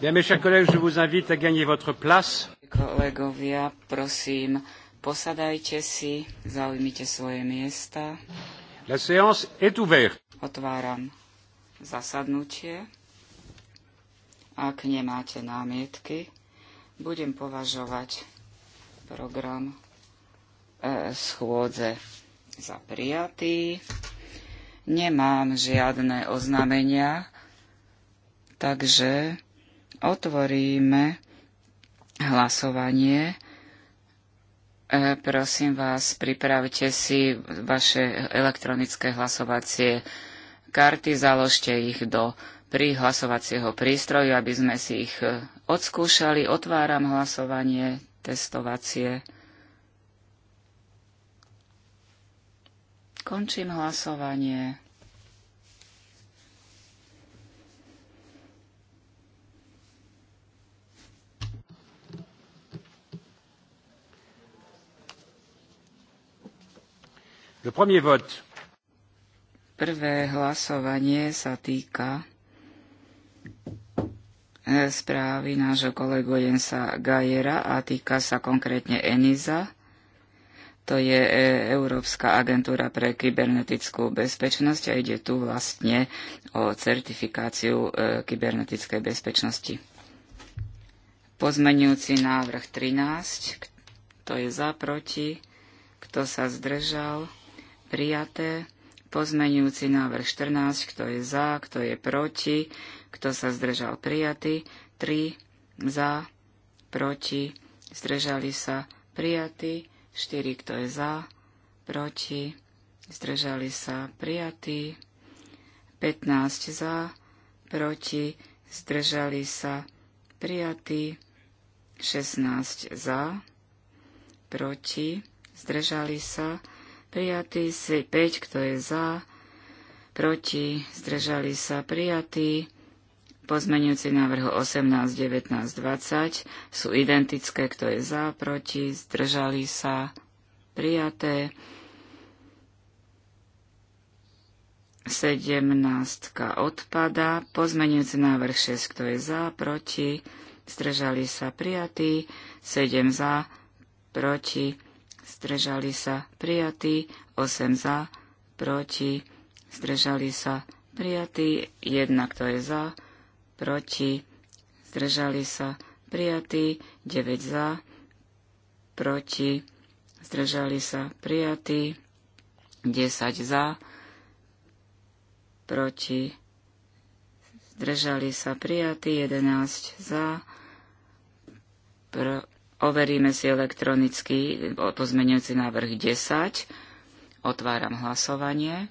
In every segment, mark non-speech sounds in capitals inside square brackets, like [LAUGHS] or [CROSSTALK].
Kolegovia, prosím, posadajte si, zaujmite svoje miesta. La séance est ouverte. Otváram zasadnutie. Ak nemáte námietky, budem považovať program e, schôdze za prijatý. Nemám žiadne oznamenia, takže otvoríme hlasovanie. E, prosím vás, pripravte si vaše elektronické hlasovacie karty, založte ich do pri hlasovacieho prístroju, aby sme si ich e, odskúšali. Otváram hlasovanie testovacie. Končím hlasovanie. Prvé hlasovanie sa týka e, správy nášho kolegu Jensa Gajera a týka sa konkrétne ENISA. To je e, Európska agentúra pre kybernetickú bezpečnosť a ide tu vlastne o certifikáciu e, kybernetickej bezpečnosti. Pozmenujúci návrh 13, kto je za, proti, kto sa zdržal, prijaté. Pozmenujúci návrh 14, kto je za, kto je proti, kto sa zdržal prijatý, 3 za, proti, zdržali sa prijatí, 4 kto je za, proti, zdržali sa prijatí, 15 za, proti, zdržali sa prijatí, 16 za, proti, zdržali sa prijatý, 5, kto je za, proti, zdržali sa, prijatý. Pozmenujúci návrh 18, 19, 20 sú identické, kto je za, proti, zdržali sa, prijaté. 17 odpada, pozmenujúci návrh 6, kto je za, proti, zdržali sa, prijatý. 7 za, proti, zdržali sa prijatí, 8 za, proti, zdržali sa prijatí, 1 kto je za, proti, zdržali sa prijatí, 9 za, proti, zdržali sa prijatí, 10 za, proti, zdržali sa prijatí, 11 za, proti, Overíme si elektronicky pozmenujúci návrh 10. Otváram hlasovanie.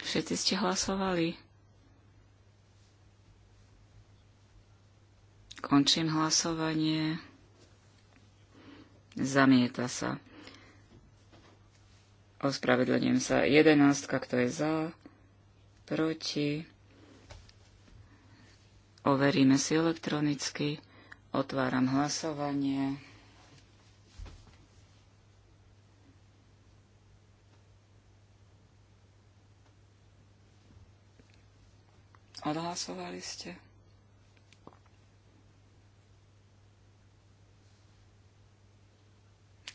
Všetci ste hlasovali? Končím hlasovanie. Zamieta sa. Ospravedlňujem sa. Jedenáctka, kto je za? Proti? Overíme si elektronicky. Otváram hlasovanie. Odhlasovali ste?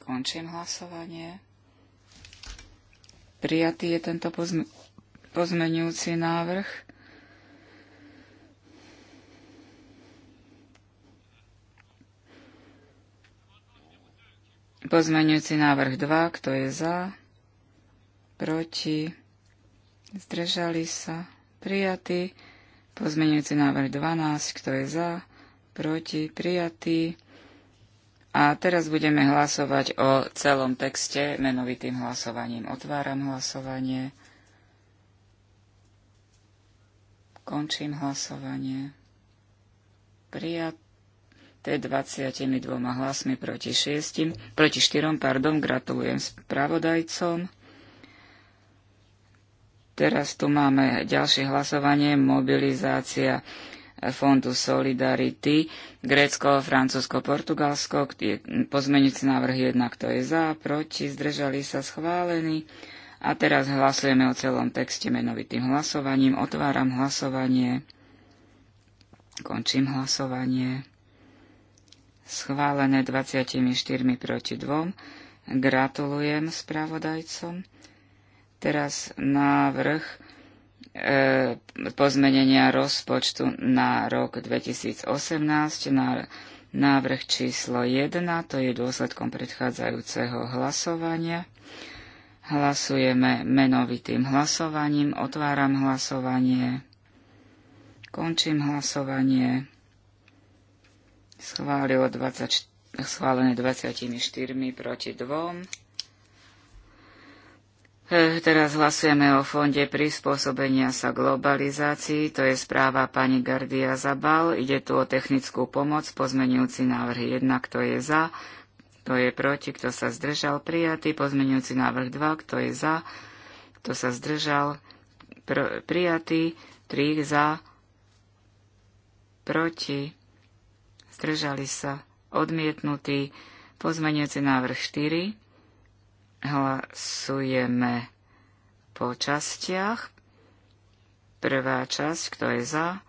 Končím hlasovanie. Prijatý je tento pozme- pozmenujúci návrh. Pozmeňujúci návrh 2, kto je za, proti, zdržali sa, prijatý. Pozmeňujúci návrh 12, kto je za, proti, prijatý. A teraz budeme hlasovať o celom texte menovitým hlasovaním. Otváram hlasovanie. Končím hlasovanie. Prijatý to 22 hlasmi proti 6, proti 4, pardon, gratulujem spravodajcom. Teraz tu máme ďalšie hlasovanie, mobilizácia Fondu Solidarity, Grécko, Francúzsko, Portugalsko, pozmeňujúci návrh 1, kto je za, proti, zdržali sa schválení. A teraz hlasujeme o celom texte menovitým hlasovaním. Otváram hlasovanie. Končím hlasovanie schválené 24 proti 2. Gratulujem spravodajcom. Teraz návrh e, pozmenenia rozpočtu na rok 2018 na návrh číslo 1, to je dôsledkom predchádzajúceho hlasovania. Hlasujeme menovitým hlasovaním, otváram hlasovanie, končím hlasovanie schválilo 20, schválené 24 proti 2. E, teraz hlasujeme o Fonde prispôsobenia sa globalizácii. To je správa pani Gardia Zabal. Ide tu o technickú pomoc, pozmenujúci návrh 1, kto je za, kto je proti, kto sa zdržal, prijatý. Pozmenujúci návrh 2, kto je za, kto sa zdržal, pr- prijatý. 3 za, proti zdržali sa, odmietnutý. Pozmeniaci návrh 4. Hlasujeme po častiach. Prvá časť, kto je za,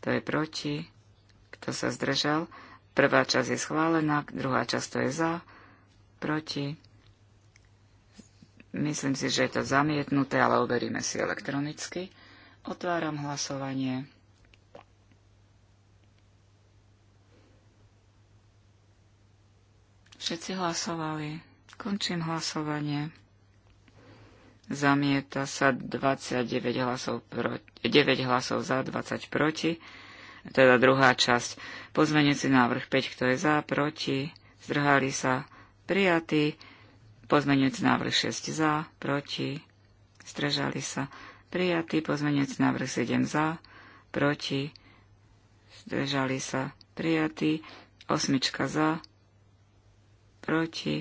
kto je proti, kto sa zdržal. Prvá časť je schválená, druhá časť to je za, proti. Myslím si, že je to zamietnuté, ale overíme si elektronicky. Otváram hlasovanie. Všetci hlasovali. Končím hlasovanie. Zamieta sa 29 hlasov proti, 9 hlasov za, 20 proti. Teda druhá časť. si návrh 5, kto je za, proti. Zdrhali sa prijatí. Pozmenujúci návrh 6 za, proti. Zdržali sa prijatí. Pozmenujúci návrh 7 za, proti. Zdržali sa prijatí. Osmička za, proti,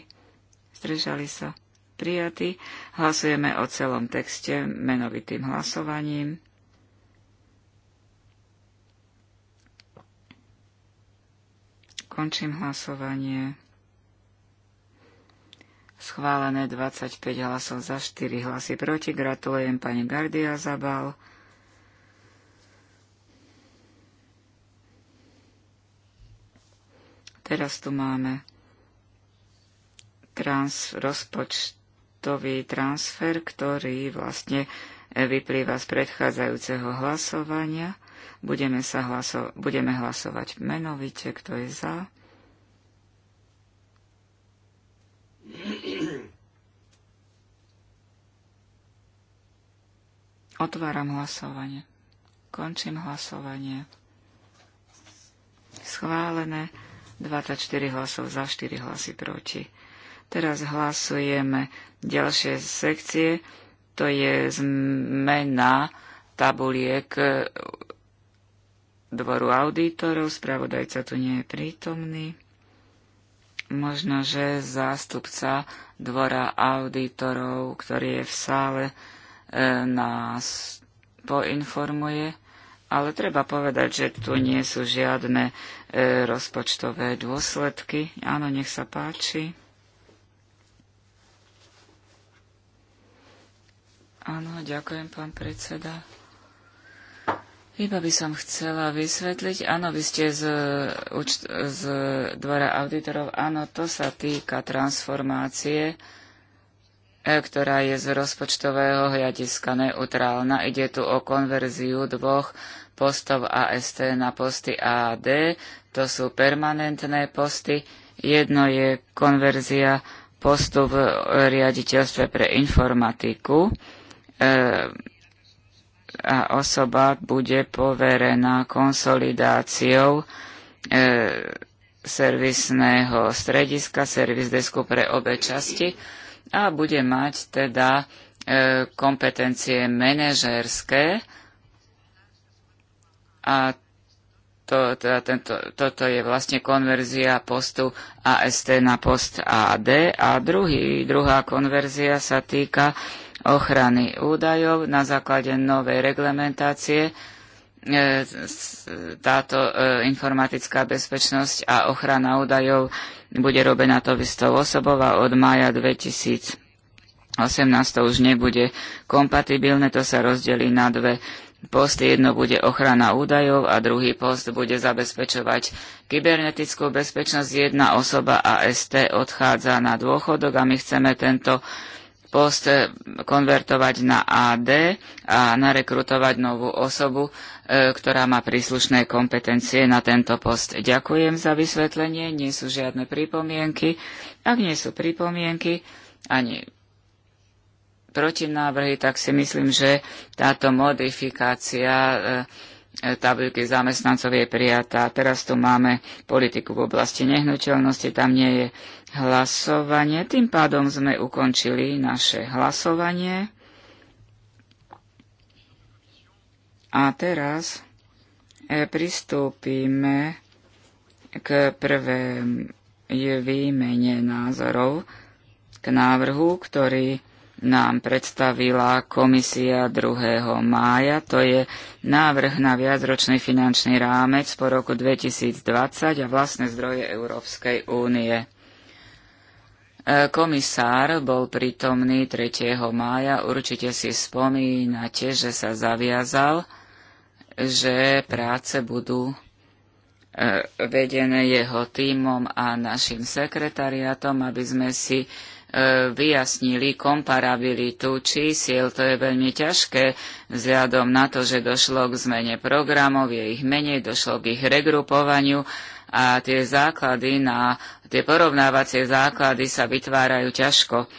zdržali sa prijatí. Hlasujeme o celom texte menovitým hlasovaním. Končím hlasovanie. Schválené 25 hlasov za 4 hlasy proti. Gratulujem pani Gardia Zabal. Teraz tu máme trans, rozpočtový transfer, ktorý vlastne e, vyplýva z predchádzajúceho hlasovania. Budeme, sa hlaso- budeme hlasovať menovite, kto je za. Otváram hlasovanie. Končím hlasovanie. Schválené 24 hlasov za 4 hlasy proti. Teraz hlasujeme ďalšie sekcie, to je zmena tabuliek dvoru auditorov, spravodajca tu nie je prítomný. Možno, že zástupca dvora auditorov, ktorý je v sále, e, nás poinformuje, ale treba povedať, že tu nie sú žiadne e, rozpočtové dôsledky. Áno, nech sa páči. Áno, ďakujem, pán predseda. Iba by som chcela vysvetliť, áno, vy ste z, z dvora auditorov, áno, to sa týka transformácie, e, ktorá je z rozpočtového hľadiska neutrálna. Ide tu o konverziu dvoch postov AST na posty AD, to sú permanentné posty, jedno je konverzia postu v riaditeľstve pre informatiku, Ehm, a osoba bude poverená konsolidáciou ehm, servisného strediska, servis desku pre obe časti a bude mať teda ehm, kompetencie manažérske a to, teda tento, toto je vlastne konverzia postu AST na post AD a druhý, druhá konverzia sa týka ochrany údajov na základe novej reglementácie. E, táto e, informatická bezpečnosť a ochrana údajov bude robená to istou osobou a od mája 2018 to už nebude kompatibilné, to sa rozdelí na dve posty. jedno bude ochrana údajov a druhý post bude zabezpečovať kybernetickú bezpečnosť. Jedna osoba AST odchádza na dôchodok a my chceme tento post eh, konvertovať na AD a narekrutovať novú osobu, eh, ktorá má príslušné kompetencie na tento post. Ďakujem za vysvetlenie, nie sú žiadne pripomienky. Ak nie sú pripomienky ani protinávrhy, tak si myslím, že táto modifikácia eh, tabulky zamestnancov je prijatá. Teraz tu máme politiku v oblasti nehnuteľnosti, tam nie je hlasovanie. Tým pádom sme ukončili naše hlasovanie. A teraz e, pristúpime k prvému výmene názorov k návrhu, ktorý nám predstavila komisia 2. mája. To je návrh na viacročný finančný rámec po roku 2020 a vlastné zdroje Európskej únie. E, komisár bol prítomný 3. mája, určite si spomínate, že sa zaviazal, že práce budú e, vedené jeho tímom a našim sekretariatom, aby sme si e, vyjasnili komparabilitu čísiel. To je veľmi ťažké vzhľadom na to, že došlo k zmene programov, je ich menej, došlo k ich regrupovaniu a tie základy na Tie porovnávacie základy sa vytvárajú ťažko,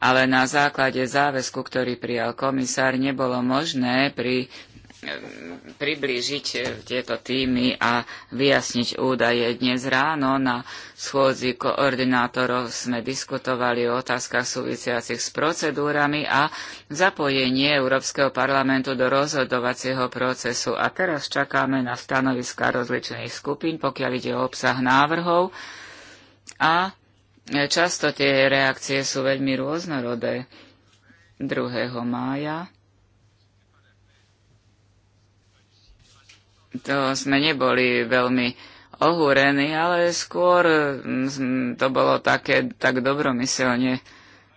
ale na základe záväzku, ktorý prijal komisár, nebolo možné pri eh, priblížiť eh, tieto týmy a vyjasniť údaje. Dnes ráno na schôdzi koordinátorov sme diskutovali o otázkach súvisiacich s procedúrami a zapojenie Európskeho parlamentu do rozhodovacieho procesu. A teraz čakáme na stanoviska rozličných skupín, pokiaľ ide o obsah návrhov a často tie reakcie sú veľmi rôznorodé. 2. mája to sme neboli veľmi ohúrení, ale skôr mm, to bolo také tak dobromyselne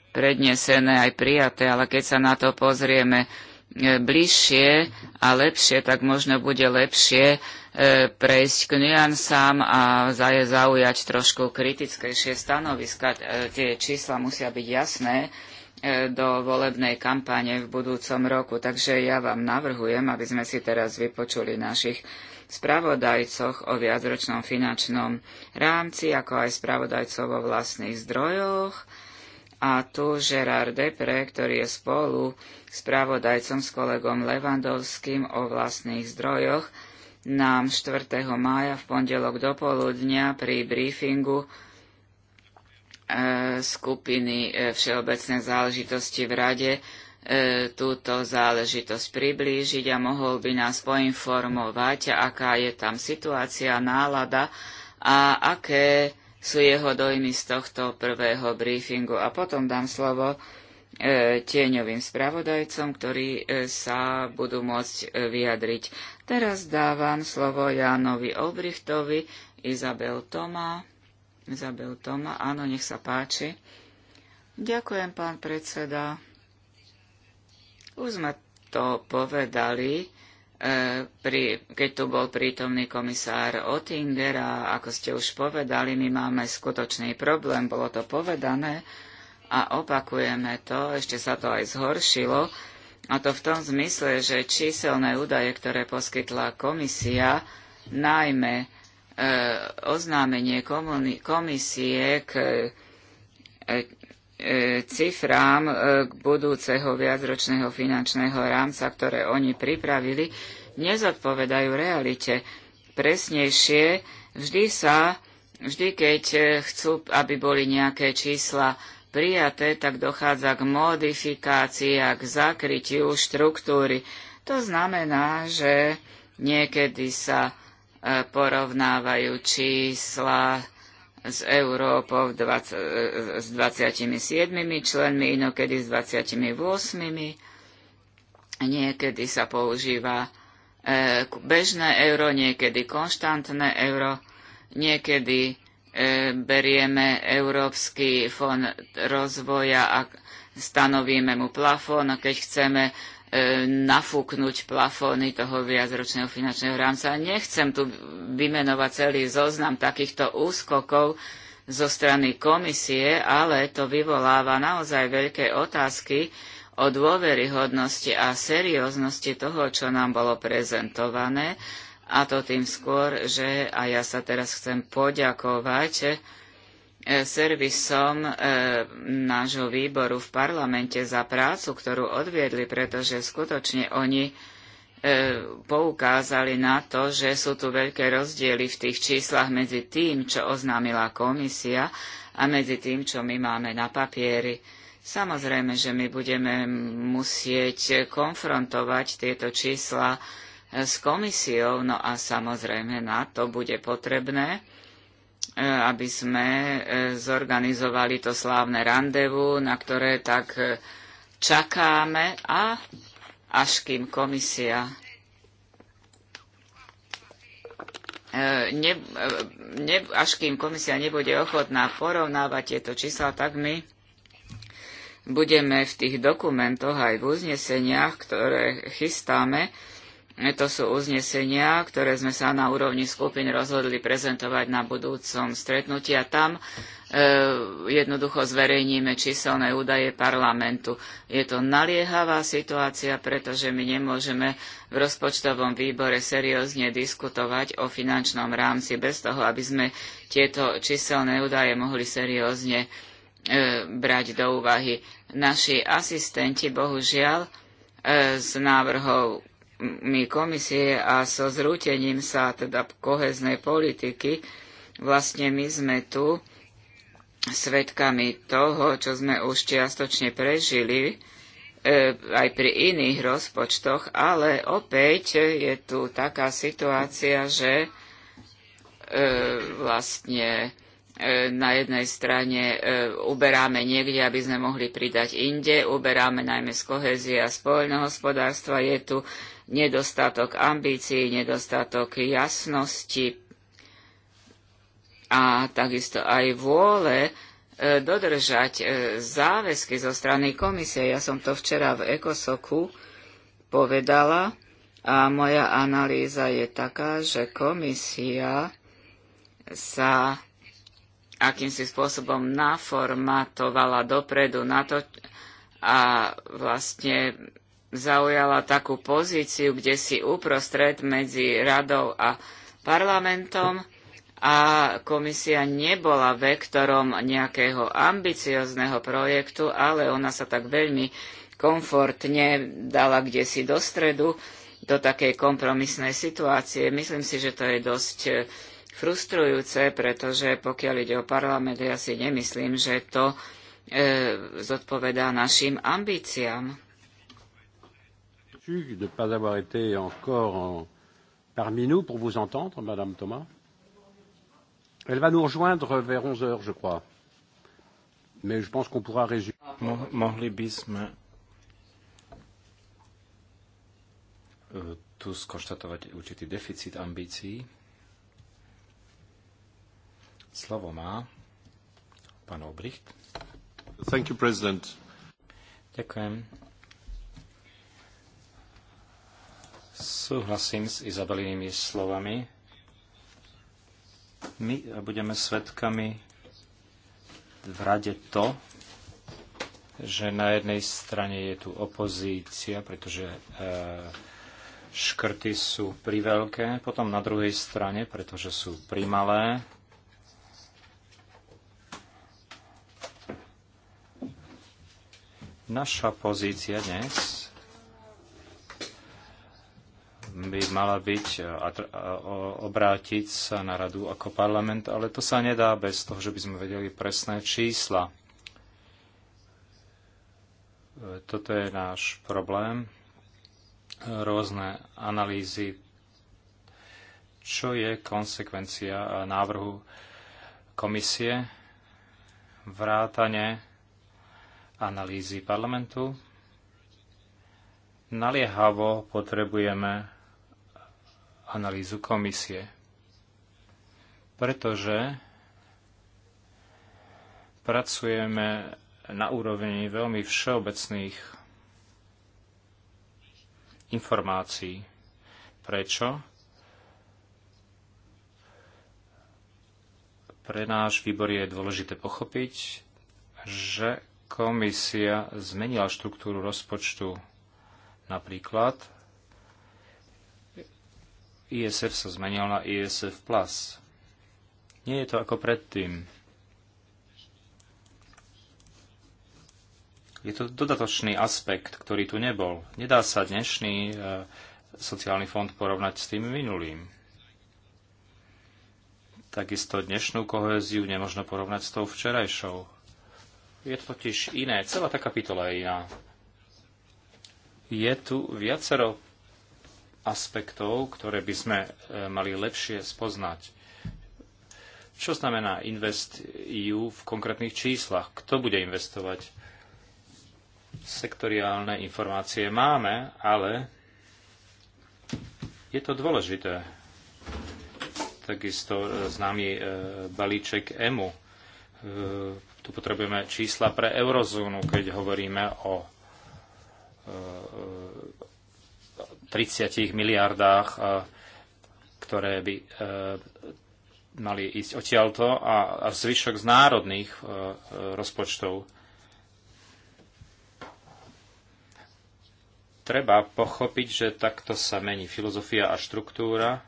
prednesené aj prijaté, ale keď sa na to pozrieme e, bližšie a lepšie, tak možno bude lepšie E, prejsť k nuansám a zaujať trošku kritickejšie stanoviska. E, tie čísla musia byť jasné e, do volebnej kampane v budúcom roku. Takže ja vám navrhujem, aby sme si teraz vypočuli našich spravodajcoch o viacročnom finančnom rámci, ako aj spravodajcov o vlastných zdrojoch. A tu Gerard Depre, ktorý je spolu spravodajcom s kolegom Levandovským o vlastných zdrojoch, nám 4. mája v pondelok do poludnia pri briefingu e, skupiny e, Všeobecné záležitosti v Rade e, túto záležitosť priblížiť a mohol by nás poinformovať, aká je tam situácia, nálada a aké sú jeho dojmy z tohto prvého briefingu. A potom dám slovo tieňovým spravodajcom, ktorí sa budú môcť vyjadriť. Teraz dávam slovo Jánovi Obrichtovi, Izabel Toma. Izabel Toma, áno, nech sa páči. Ďakujem, pán predseda. Už sme to povedali, e, pri, keď tu bol prítomný komisár Ottinger a ako ste už povedali, my máme skutočný problém, bolo to povedané a opakujeme to, ešte sa to aj zhoršilo a to v tom zmysle, že číselné údaje, ktoré poskytla komisia, najmä e, oznámenie komisie k e, e, e cifrám e, budúceho viacročného finančného rámca, ktoré oni pripravili, nezodpovedajú realite. Presnejšie, vždy sa, vždy keď chcú, aby boli nejaké čísla prijaté, tak dochádza k modifikácii a k zakrytiu štruktúry. To znamená, že niekedy sa e, porovnávajú čísla s Európou 20, e, s 27 členmi, inokedy s 28. Niekedy sa používa e, bežné euro, niekedy konštantné euro, niekedy E, berieme Európsky fond rozvoja a stanovíme mu plafón a keď chceme e, nafúknuť plafóny toho viacročného finančného rámca. Nechcem tu vymenovať celý zoznam takýchto úskokov zo strany komisie, ale to vyvoláva naozaj veľké otázky o dôveryhodnosti a serióznosti toho, čo nám bolo prezentované a to tým skôr, že a ja sa teraz chcem poďakovať e, servisom e, nášho výboru v parlamente za prácu, ktorú odviedli, pretože skutočne oni e, poukázali na to, že sú tu veľké rozdiely v tých číslach medzi tým, čo oznámila komisia a medzi tým, čo my máme na papieri. Samozrejme, že my budeme musieť konfrontovať tieto čísla s komisiou. No a samozrejme na to bude potrebné, e, aby sme e, zorganizovali to slávne randevu, na ktoré tak e, čakáme a až kým komisia ne, ne, až kým komisia nebude ochotná porovnávať tieto čísla, tak my budeme v tých dokumentoch aj v uzneseniach, ktoré chystáme, to sú uznesenia, ktoré sme sa na úrovni skupín rozhodli prezentovať na budúcom stretnutí a tam e, jednoducho zverejníme číselné údaje parlamentu. Je to naliehavá situácia, pretože my nemôžeme v rozpočtovom výbore seriózne diskutovať o finančnom rámci bez toho, aby sme tieto číselné údaje mohli seriózne e, brať do úvahy. Naši asistenti, bohužiaľ, z e, návrhov krokmi komisie a so zrútením sa teda koheznej politiky, vlastne my sme tu svedkami toho, čo sme už čiastočne prežili, e, aj pri iných rozpočtoch, ale opäť je tu taká situácia, že e, vlastne e, na jednej strane e, uberáme niekde, aby sme mohli pridať inde, uberáme najmä z kohezie a z poľnohospodárstva, je tu nedostatok ambícií, nedostatok jasnosti a takisto aj vôle e, dodržať e, záväzky zo strany komisie. Ja som to včera v Ekosoku povedala a moja analýza je taká, že komisia sa akýmsi spôsobom naformatovala dopredu na to a vlastne zaujala takú pozíciu, kde si uprostred medzi radou a parlamentom a komisia nebola vektorom nejakého ambiciozného projektu, ale ona sa tak veľmi komfortne dala kde si do stredu, do takej kompromisnej situácie. Myslím si, že to je dosť e, frustrujúce, pretože pokiaľ ide o parlament, ja si nemyslím, že to e, zodpovedá našim ambíciám déçu de ne pas avoir été encore en, parmi nous pour vous entendre, Madame Thomas. Elle va nous rejoindre vers 11 heures, je crois. Mais je pense qu'on pourra résumer. Mo mohli by sme tu skonštatovať určitý deficit ambícií. Slovo má pán Obricht. Thank you, President. Ďakujem. Súhlasím s Izabelinými slovami. My budeme svedkami v rade to, že na jednej strane je tu opozícia, pretože e, škrty sú priveľké, potom na druhej strane, pretože sú primalé, naša pozícia dnes by mala byť e, obrátiť sa na radu ako parlament, ale to sa nedá bez toho, že by sme vedeli presné čísla. E, toto je náš problém. E, rôzne analýzy, čo je konsekvencia návrhu komisie, vrátane analýzy parlamentu naliehavo potrebujeme analýzu komisie. Pretože pracujeme na úrovni veľmi všeobecných informácií. Prečo? Pre náš výbor je dôležité pochopiť, že komisia zmenila štruktúru rozpočtu napríklad ISF sa zmenil na ISF+. Plus. Nie je to ako predtým. Je to dodatočný aspekt, ktorý tu nebol. Nedá sa dnešný eh, sociálny fond porovnať s tým minulým. Takisto dnešnú kohéziu nemožno porovnať s tou včerajšou. Je to totiž iné, celá tá kapitola je iná. Je tu viacero aspektov, ktoré by sme e, mali lepšie spoznať. Čo znamená Invest EU v konkrétnych číslach? Kto bude investovať? Sektoriálne informácie máme, ale je to dôležité. Takisto e, známy e, balíček EMU. Tu potrebujeme čísla pre eurozónu, keď hovoríme o 30 miliardách, ktoré by e, mali ísť odtiaľto a zvyšok z národných e, rozpočtov. Treba pochopiť, že takto sa mení filozofia a štruktúra.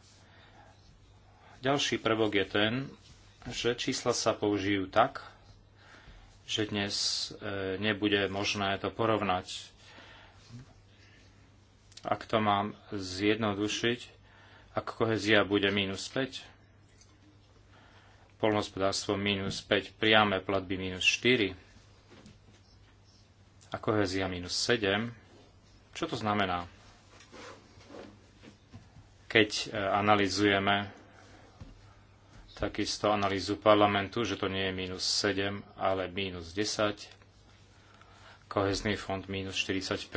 Ďalší prvok je ten, že čísla sa použijú tak, že dnes e, nebude možné to porovnať ak to mám zjednodušiť, ak kohezia bude minus 5, polnospodárstvo minus 5, priame platby minus 4 a kohezia minus 7, čo to znamená? Keď e, analizujeme takisto analýzu parlamentu, že to nie je minus 7, ale minus 10, kohezný fond minus 45.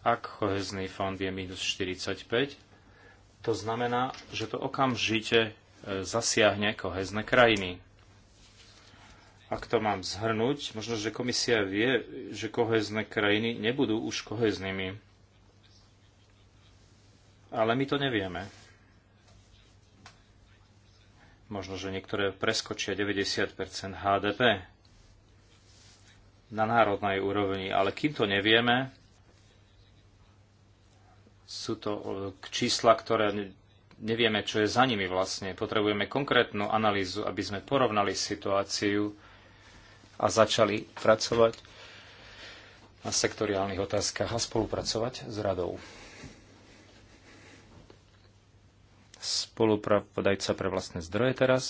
Ak kohezný fond je minus 45, to znamená, že to okamžite e, zasiahne kohezné krajiny. Ak to mám zhrnúť, možno, že komisia vie, že kohezné krajiny nebudú už koheznými. Ale my to nevieme. Možno, že niektoré preskočia 90 HDP na národnej úrovni, ale kým to nevieme, sú to e, čísla, ktoré nevieme, čo je za nimi vlastne. Potrebujeme konkrétnu analýzu, aby sme porovnali situáciu a začali pracovať na sektoriálnych otázkach a spolupracovať s radou. Spolupravodajca pre vlastné zdroje teraz,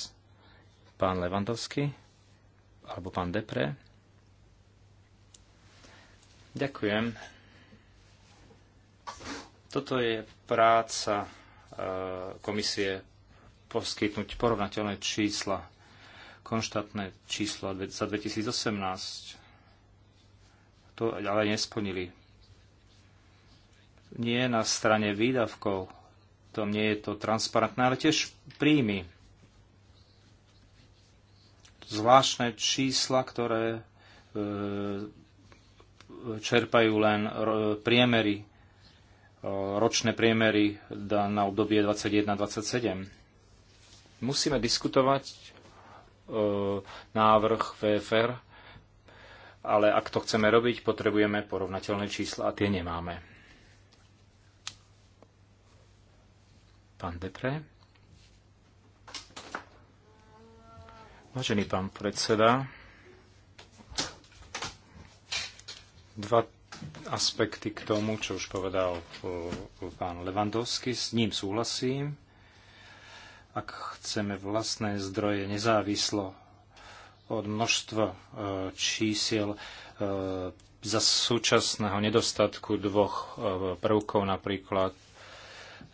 pán Levandovský alebo pán Depre. Ďakujem. Toto je práca e, komisie poskytnúť porovnateľné čísla, konštantné čísla za 2018. To ale nesplnili. Nie na strane výdavkov, to nie je to transparentné, ale tiež príjmy. Zvláštne čísla, ktoré e, čerpajú len e, priemery ročné priemery na obdobie 21-27. Musíme diskutovať e, návrh VFR, ale ak to chceme robiť, potrebujeme porovnateľné čísla a tie nemáme. Pán Depre. Vážený pán predseda, dva aspekty k tomu, čo už povedal eh, pán Levandovský. S ním súhlasím. Ak chceme vlastné zdroje nezávislo od množstva eh, čísiel eh, za súčasného nedostatku dvoch prvkov napríklad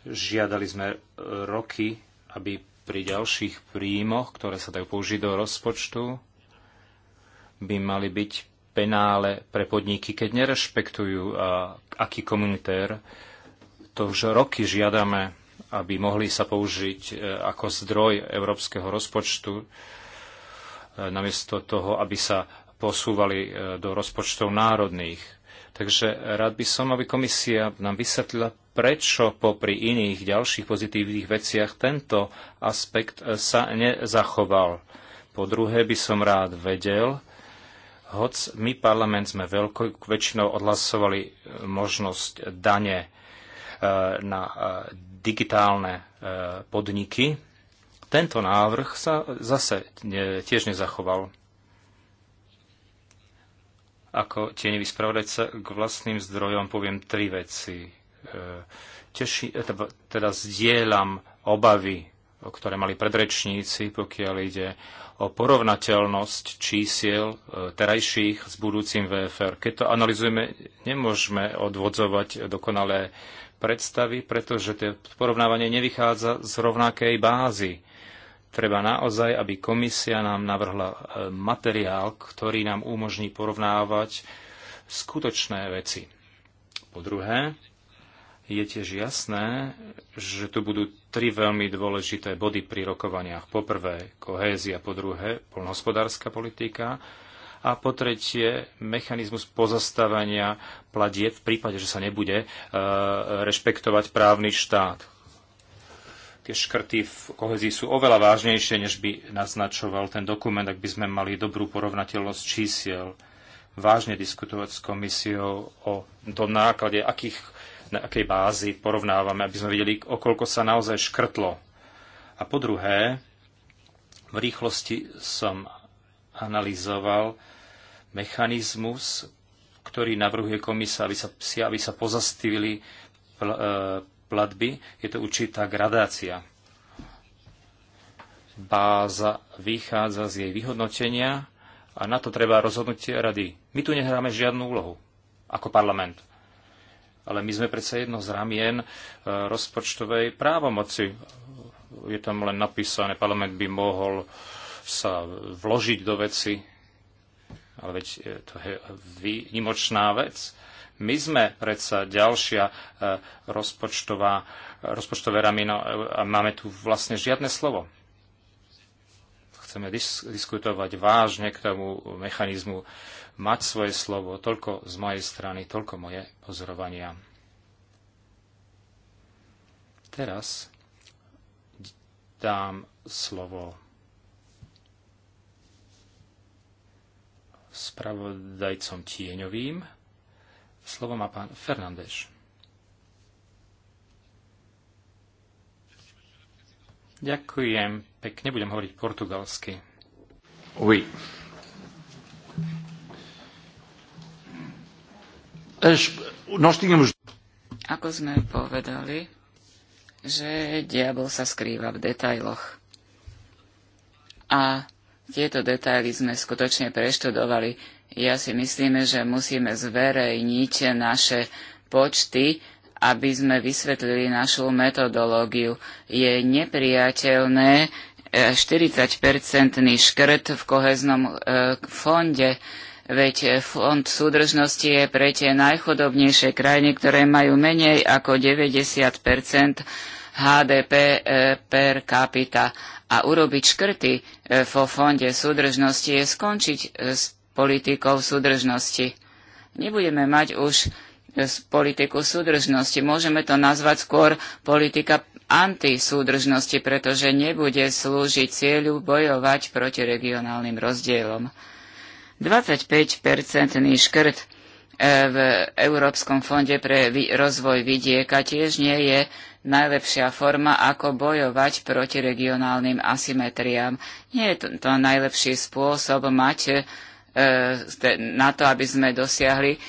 žiadali sme roky, aby pri ďalších príjmoch, ktoré sa dajú použiť do rozpočtu, by mali byť penále pre podniky, keď nerešpektujú aký komunitér. To už roky žiadame, aby mohli sa použiť e, ako zdroj európskeho rozpočtu, e, namiesto toho, aby sa posúvali e, do rozpočtov národných. Takže rád by som, aby komisia nám vysvetlila, prečo popri iných ďalších pozitívnych veciach tento aspekt sa nezachoval. Po druhé by som rád vedel, Hoc my parlament sme veľkou väčšinou odhlasovali e, možnosť dane e, na e, digitálne podniky, tento návrh sa zase tiež nezachoval. Ako tieňový spravodajca k vlastným zdrojom poviem tri veci. Teší, teda, teda zdieľam obavy, ktoré mali predrečníci, pokiaľ ide o porovnateľnosť čísiel e, terajších s budúcim VFR. Keď to analizujeme, nemôžeme odvodzovať dokonalé predstavy, pretože to porovnávanie nevychádza z rovnakej bázy. Treba naozaj, aby komisia nám navrhla e, materiál, ktorý nám umožní porovnávať skutočné veci. Po druhé, je tiež jasné, že tu budú tri veľmi dôležité body pri rokovaniach. Po prvé kohézia, po druhé polnohospodárska politika a po tretie mechanizmus pozastavania platieb v prípade, že sa nebude e, rešpektovať právny štát. Tie škrty v kohezii sú oveľa vážnejšie, než by naznačoval ten dokument, ak by sme mali dobrú porovnateľnosť čísiel vážne diskutovať s komisiou o tom náklade, akých na akej bázi porovnávame, aby sme videli, koľko sa naozaj škrtlo. A po druhé, v rýchlosti som analyzoval mechanizmus, ktorý navrhuje Komisa, aby sa, aby sa pozastavili e, platby. Je to určitá gradácia. Báza vychádza z jej vyhodnotenia a na to treba rozhodnutie rady. My tu nehráme žiadnu úlohu ako parlament ale my sme predsa jedno z ramien e, rozpočtovej právomoci. Je tam len napísané, parlament by mohol sa vložiť do veci, ale veď to je výnimočná vec. My sme predsa ďalšia e, rozpočtová, rozpočtové ramino e, a máme tu vlastne žiadne slovo. Chceme dis- diskutovať vážne k tomu mechanizmu mať svoje slovo. Toľko z mojej strany, toľko moje pozorovania. Teraz dám slovo spravodajcom tieňovým. Slovo má pán Fernández. Ďakujem. Pekne budem hovoriť portugalsky. Oui. No, Ako sme povedali, že diabol sa skrýva v detailoch. A tieto detaily sme skutočne preštudovali. Ja si myslím, že musíme zverejniť naše počty, aby sme vysvetlili našu metodológiu. Je nepriateľné 40-percentný e, škrt v koheznom e, fonde Veď fond súdržnosti je pre tie najchodobnejšie krajiny, ktoré majú menej ako 90 HDP eh, per capita. A urobiť škrty eh, vo fonde súdržnosti je skončiť eh, s politikou súdržnosti. Nebudeme mať už politiku súdržnosti. Môžeme to nazvať skôr politika antisúdržnosti, pretože nebude slúžiť cieľu bojovať proti regionálnym rozdielom. 25-percentný škrt e, v Európskom fonde pre rozvoj vidieka tiež nie je najlepšia forma, ako bojovať proti regionálnym asymetriám. Nie je to, to najlepší spôsob mať e, na to, aby sme dosiahli e,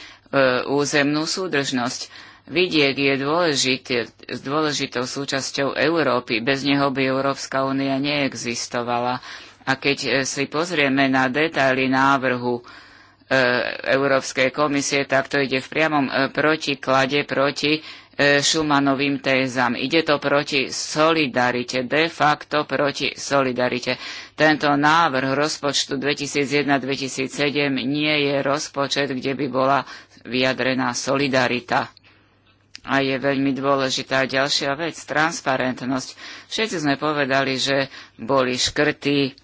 územnú súdržnosť. Vidiek je dôležitý, dôležitou súčasťou Európy. Bez neho by Európska únia neexistovala. A keď e, si pozrieme na detaily návrhu e, Európskej komisie, tak to ide v priamom e, protiklade proti Šumanovým tézam. Ide to proti solidarite, de facto proti solidarite. Tento návrh rozpočtu 2001-2007 nie je rozpočet, kde by bola vyjadrená solidarita. A je veľmi dôležitá ďalšia vec, transparentnosť. Všetci sme povedali, že boli škrty,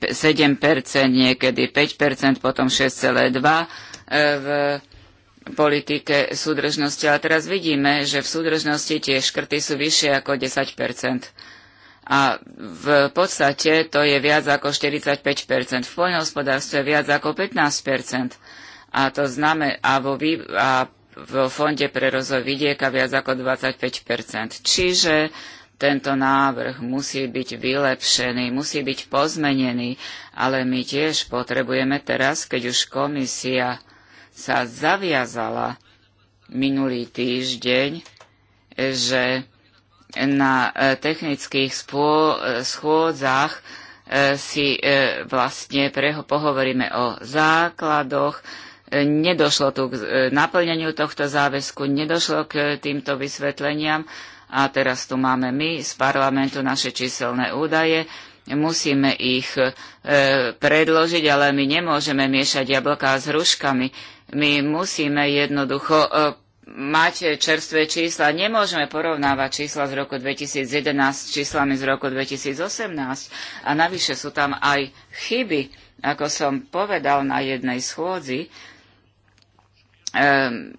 7%, niekedy 5%, potom 6,2% e, v politike súdržnosti. Ale teraz vidíme, že v súdržnosti tie škrty sú vyššie ako 10%. A v podstate to je viac ako 45%, v poľnohospodárstve je viac ako 15%. A to znamená, a vo, vý, a vo Fonde pre rozvoj vidieka viac ako 25%. Čiže tento návrh musí byť vylepšený, musí byť pozmenený, ale my tiež potrebujeme teraz, keď už komisia sa zaviazala minulý týždeň, že na e, technických e, schôdzach e, si vlastne preho pohovoríme o základoch, nedošlo tu k naplneniu tohto záväzku, nedošlo k týmto vysvetleniam a teraz tu máme my z parlamentu naše číselné údaje, musíme ich e, predložiť, ale my nemôžeme miešať jablká s hruškami. My musíme jednoducho e, mať čerstvé čísla. Nemôžeme porovnávať čísla z roku 2011 s číslami z roku 2018. A navyše sú tam aj chyby, ako som povedal na jednej schôdzi. Ehm,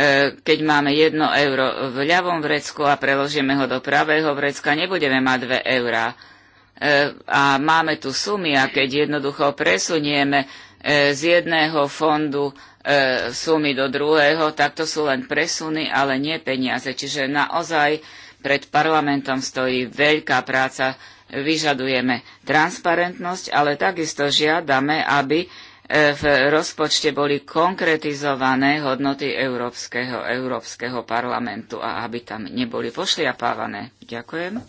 E, keď máme 1 euro v ľavom vrecku a preložíme ho do pravého vrecka, nebudeme mať 2 eurá. E, a máme tu sumy a keď jednoducho presunieme e, z jedného fondu sumy do druhého, tak to sú len presuny, ale nie peniaze. Čiže naozaj pred parlamentom stojí veľká práca. Vyžadujeme transparentnosť, ale takisto žiadame, aby v rozpočte boli konkretizované hodnoty Európskeho, Európskeho parlamentu a aby tam neboli pošliapávané. Ďakujem.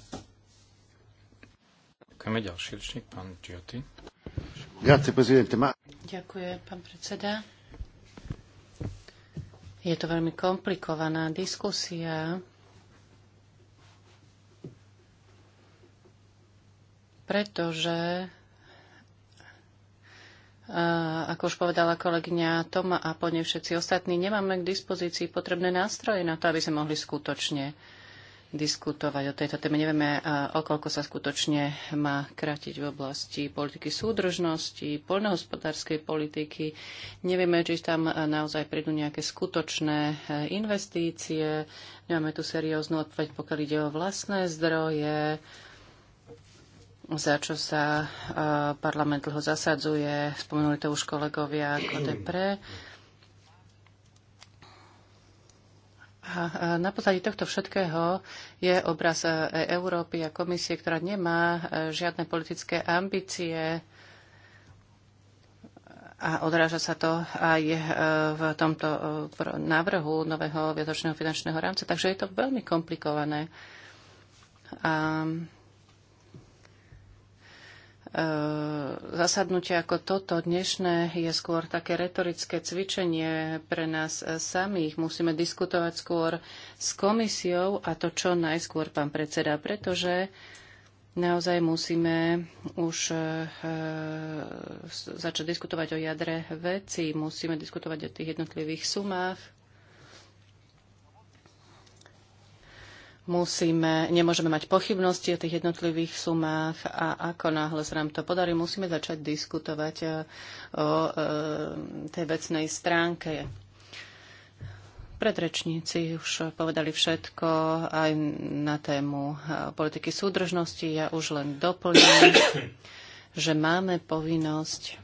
Ďakujeme ďalší ročník, pán Giotti. Ďakujem, pán predseda. Je to veľmi komplikovaná diskusia. pretože ako už povedala kolegyňa Toma a po nej všetci ostatní, nemáme k dispozícii potrebné nástroje na to, aby sme mohli skutočne diskutovať o tejto téme. Nevieme, o koľko sa skutočne má kratiť v oblasti politiky súdržnosti, poľnohospodárskej politiky. Nevieme, či tam naozaj prídu nejaké skutočné e, investície. Nemáme tu serióznu odpoveď, pokiaľ ide o vlastné zdroje, za čo sa e, parlament dlho zasadzuje. Spomenuli to už kolegovia ako Depre. A e, na pozadí tohto všetkého je obraz e, Európy a komisie, ktorá nemá žiadne politické ambície a odráža sa to aj v tomto návrhu nového viatočného finančného rámca. Takže je to veľmi komplikované. A E, zasadnutie ako toto dnešné je skôr také retorické cvičenie pre nás samých. Musíme diskutovať skôr s komisiou a to čo najskôr, pán predseda, pretože naozaj musíme už e, e, začať diskutovať o jadre veci, musíme diskutovať o tých jednotlivých sumách musíme, nemôžeme mať pochybnosti o tých jednotlivých sumách a ako náhle sa nám to podarí, musíme začať diskutovať e, o e, tej vecnej stránke. Predrečníci už povedali všetko aj na tému e, politiky súdržnosti. Ja už len doplním, že máme povinnosť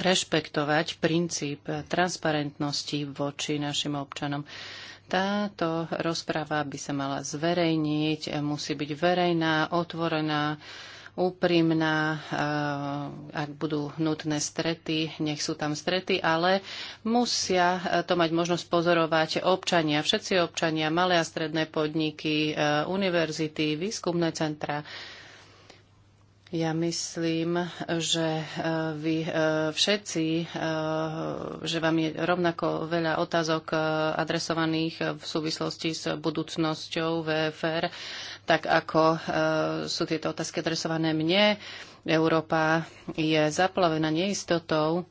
rešpektovať princíp transparentnosti voči našim občanom. Táto rozprava by sa mala zverejniť, musí byť verejná, otvorená, úprimná. Eh, ak budú nutné strety, nech sú tam strety, ale musia eh, to mať možnosť pozorovať občania, všetci občania, malé a stredné podniky, eh, univerzity, výskumné centra. Ja myslím, že e, vy e, všetci, e, že vám je rovnako veľa otázok adresovaných v súvislosti s budúcnosťou VFR, tak ako sú tieto otázky adresované mne. Európa je zaplavená neistotou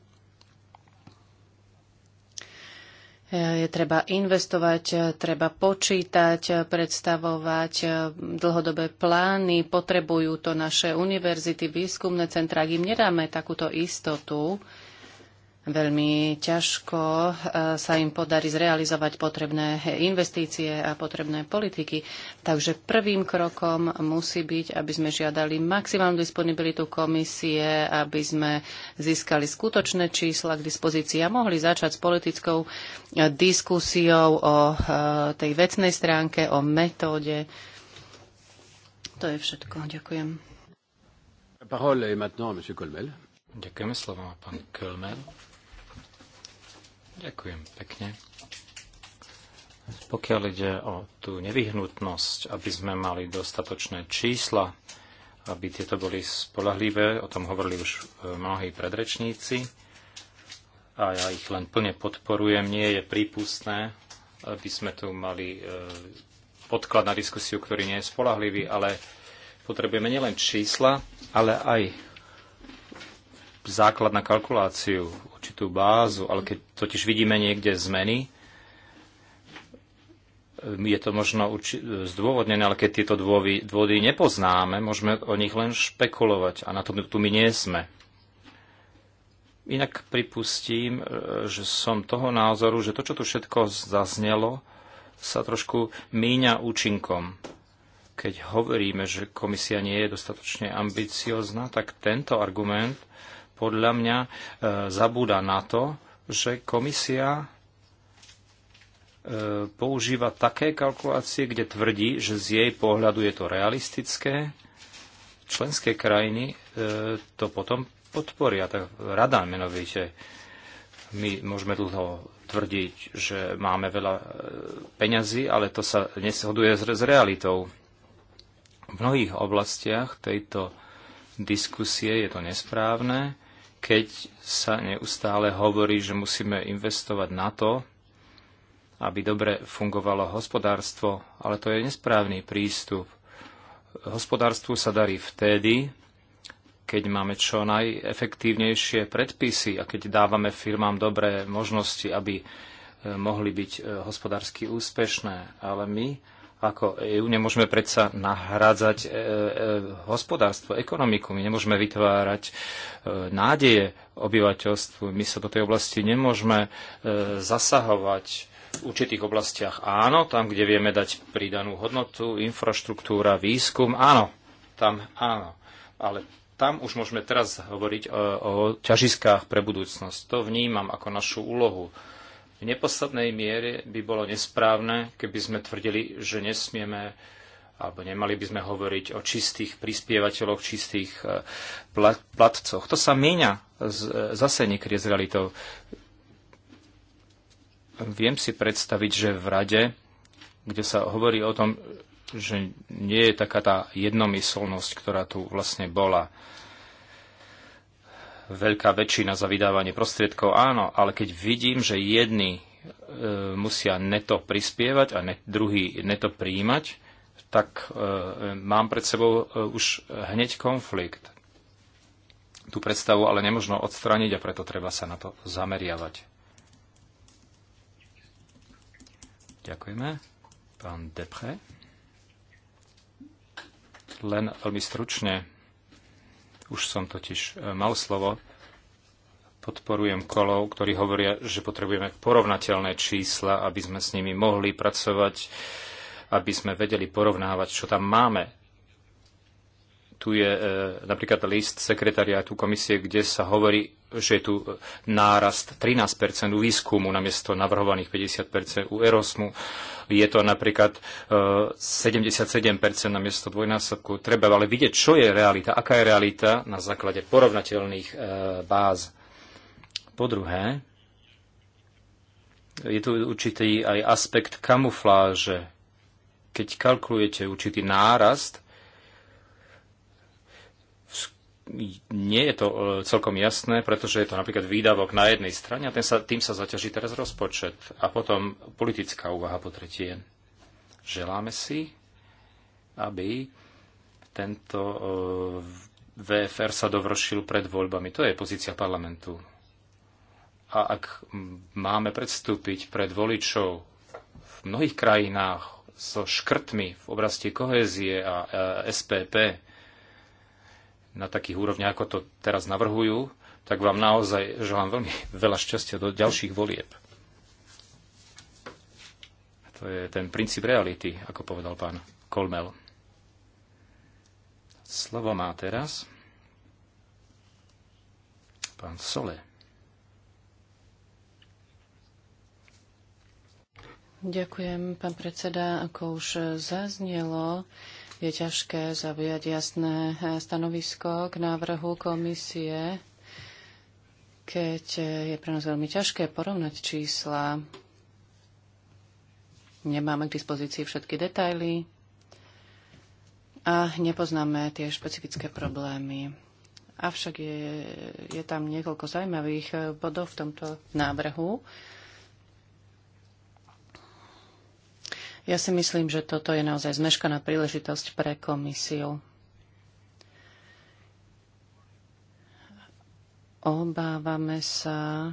je treba investovať, treba počítať, predstavovať eh, dlhodobé plány, potrebujú to naše univerzity, výskumné centrá. Ak im nedáme takúto istotu, veľmi ťažko eh, sa im podarí zrealizovať potrebné investície a potrebné politiky. Takže prvým krokom musí byť, aby sme žiadali maximálnu disponibilitu komisie, aby sme získali skutočné čísla k dispozícii a mohli začať s politickou eh, diskusiou o eh, tej vecnej stránke, o metóde. To je všetko. Ďakujem. Parole est maintenant à M. Colmel. Ďakujeme slovo, pán Kölmel. Ďakujem pekne. Pokiaľ ide o tú nevyhnutnosť, aby sme mali dostatočné čísla, aby tieto boli spolahlivé, o tom hovorili už e, mnohí predrečníci a ja ich len plne podporujem. Nie je prípustné, aby sme tu mali e, podklad na diskusiu, ktorý nie je spolahlivý, ale potrebujeme nielen čísla, ale aj základ na kalkuláciu určitú bázu, ale keď totiž vidíme niekde zmeny, um, je to možno zdôvodnené, ale keď tieto dôvody, dôvody nepoznáme, môžeme o nich len špekulovať a na to tu my nie sme. Inak pripustím, e, že som toho názoru, že to, čo tu všetko zaznelo, sa trošku míňa účinkom. Keď hovoríme, že komisia nie je dostatočne ambiciozná, tak tento argument podľa mňa e, zabúda na to, že komisia e, používa také kalkulácie, kde tvrdí, že z jej pohľadu je to realistické. Členské krajiny e, to potom podporia, tak rada menovite. My môžeme dlho tvrdiť, že máme veľa peňazí, ale to sa neshoduje s realitou. V mnohých oblastiach tejto diskusie je to nesprávne keď sa neustále hovorí, že musíme investovať na to, aby dobre fungovalo hospodárstvo, ale to je nesprávny prístup. Hospodárstvu sa darí vtedy, keď máme čo najefektívnejšie predpisy a keď dávame firmám dobré možnosti, aby eh, mohli byť eh, hospodársky úspešné. Ale my ako EU nemôžeme predsa nahrádzať e, e, hospodárstvo, ekonomiku. My nemôžeme vytvárať e, nádeje obyvateľstvu. My sa do tej oblasti nemôžeme e, zasahovať v určitých oblastiach áno, tam, kde vieme dať pridanú hodnotu, infraštruktúra, výskum, áno, tam áno. Ale tam už môžeme teraz hovoriť o, e, o ťažiskách pre budúcnosť. To vnímam ako našu úlohu. V neposlednej miere by bolo nesprávne, keby sme tvrdili, že nesmieme alebo nemali by sme hovoriť o čistých prispievateľoch, čistých e, platcoch. To sa míňa e, zase niekedy s realitou. Viem si predstaviť, že v rade, kde sa hovorí o tom, že nie je taká tá jednomyselnosť, ktorá tu vlastne bola, veľká väčšina za vydávanie prostriedkov, áno, ale keď vidím, že jedni e, musia neto prispievať a ne, druhý neto príjimať, tak e, mám pred sebou e, už hneď konflikt. Tú predstavu ale nemožno odstrániť a preto treba sa na to zameriavať. Ďakujeme. Pán Depre. Len veľmi stručne už som totiž e, mal slovo. Podporujem kolov, ktorí hovoria, že potrebujeme porovnateľné čísla, aby sme s nimi mohli pracovať, aby sme vedeli porovnávať, čo tam máme. Tu je e, napríklad list sekretariátu komisie, kde sa hovorí že je tu nárast 13 u výskumu namiesto navrhovaných 50 u Erosmu. Je to napríklad 77 eh, namiesto dvojnásobku. Treba ale vidieť, čo je realita, aká je realita na základe porovnateľných eh, báz. Po druhé, je tu určitý aj aspekt kamufláže. Keď kalkulujete určitý nárast, nie je to e, celkom jasné, pretože je to napríklad výdavok na jednej strane a ten sa, tým sa zaťaží teraz rozpočet. A potom politická úvaha po tretie. Želáme si, aby tento e, VFR sa dovršil pred voľbami. To je pozícia parlamentu. A ak máme predstúpiť pred voličov v mnohých krajinách so škrtmi v oblasti kohézie a e, SPP, na takých úrovniach, ako to teraz navrhujú, tak vám naozaj želám veľmi [LAUGHS] veľa šťastia do ďalších volieb. To je ten princíp reality, ako povedal pán Kolmel. Slovo má teraz pán Sole. Ďakujem, pán predseda. Ako už zaznelo, je ťažké zaujať jasné eh, stanovisko k návrhu komisie, keď eh, je pre nás veľmi ťažké porovnať čísla. Nemáme k dispozícii všetky detaily a nepoznáme tie špecifické problémy. Avšak je, je tam niekoľko zaujímavých eh, bodov v tomto návrhu. Ja si myslím, že toto je naozaj zmeškaná príležitosť pre komisiu. Obávame sa,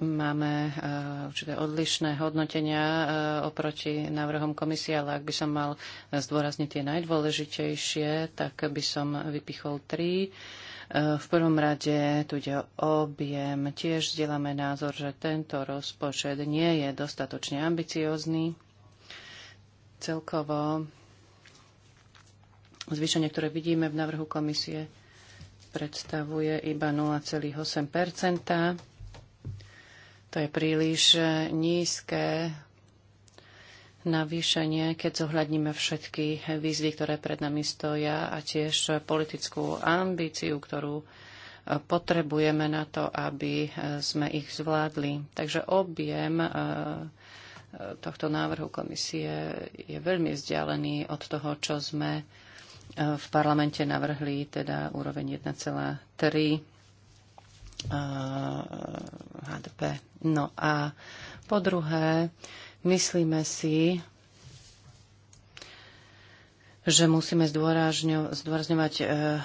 máme eh, určité odlišné hodnotenia eh, oproti návrhom komisie, ale ak by som mal zdôrazniť tie najdôležitejšie, tak by som vypichol tri. Eh, v prvom rade tu ide o objem. Tiež zdieľame názor, že tento rozpočet nie je dostatočne ambiciózny. Celkovo zvyšenie ktoré vidíme v návrhu komisie, predstavuje iba 0,8 To je príliš nízke navýšenie, keď zohľadníme všetky výzvy, ktoré pred nami stoja a tiež politickú ambíciu, ktorú e, potrebujeme na to, aby e, sme ich zvládli. Takže objem e, tohto návrhu komisie je veľmi vzdialený od toho, čo sme v parlamente navrhli, teda úroveň 1,3 HDP. No a po druhé, Myslíme si, že musíme zdôrazňovať eh, eh,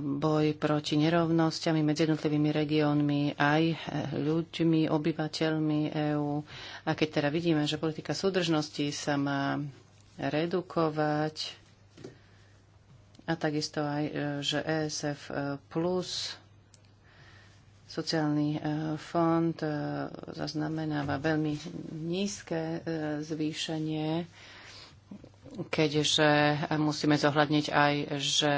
boj proti nerovnostiami medzi jednotlivými regiónmi aj eh, ľuďmi, obyvateľmi EÚ. A keď teda vidíme, že politika súdržnosti sa má redukovať a takisto aj, že ESF plus Sociálny e, fond e, zaznamenáva veľmi nízke e, zvýšenie, keďže musíme zohľadniť aj, že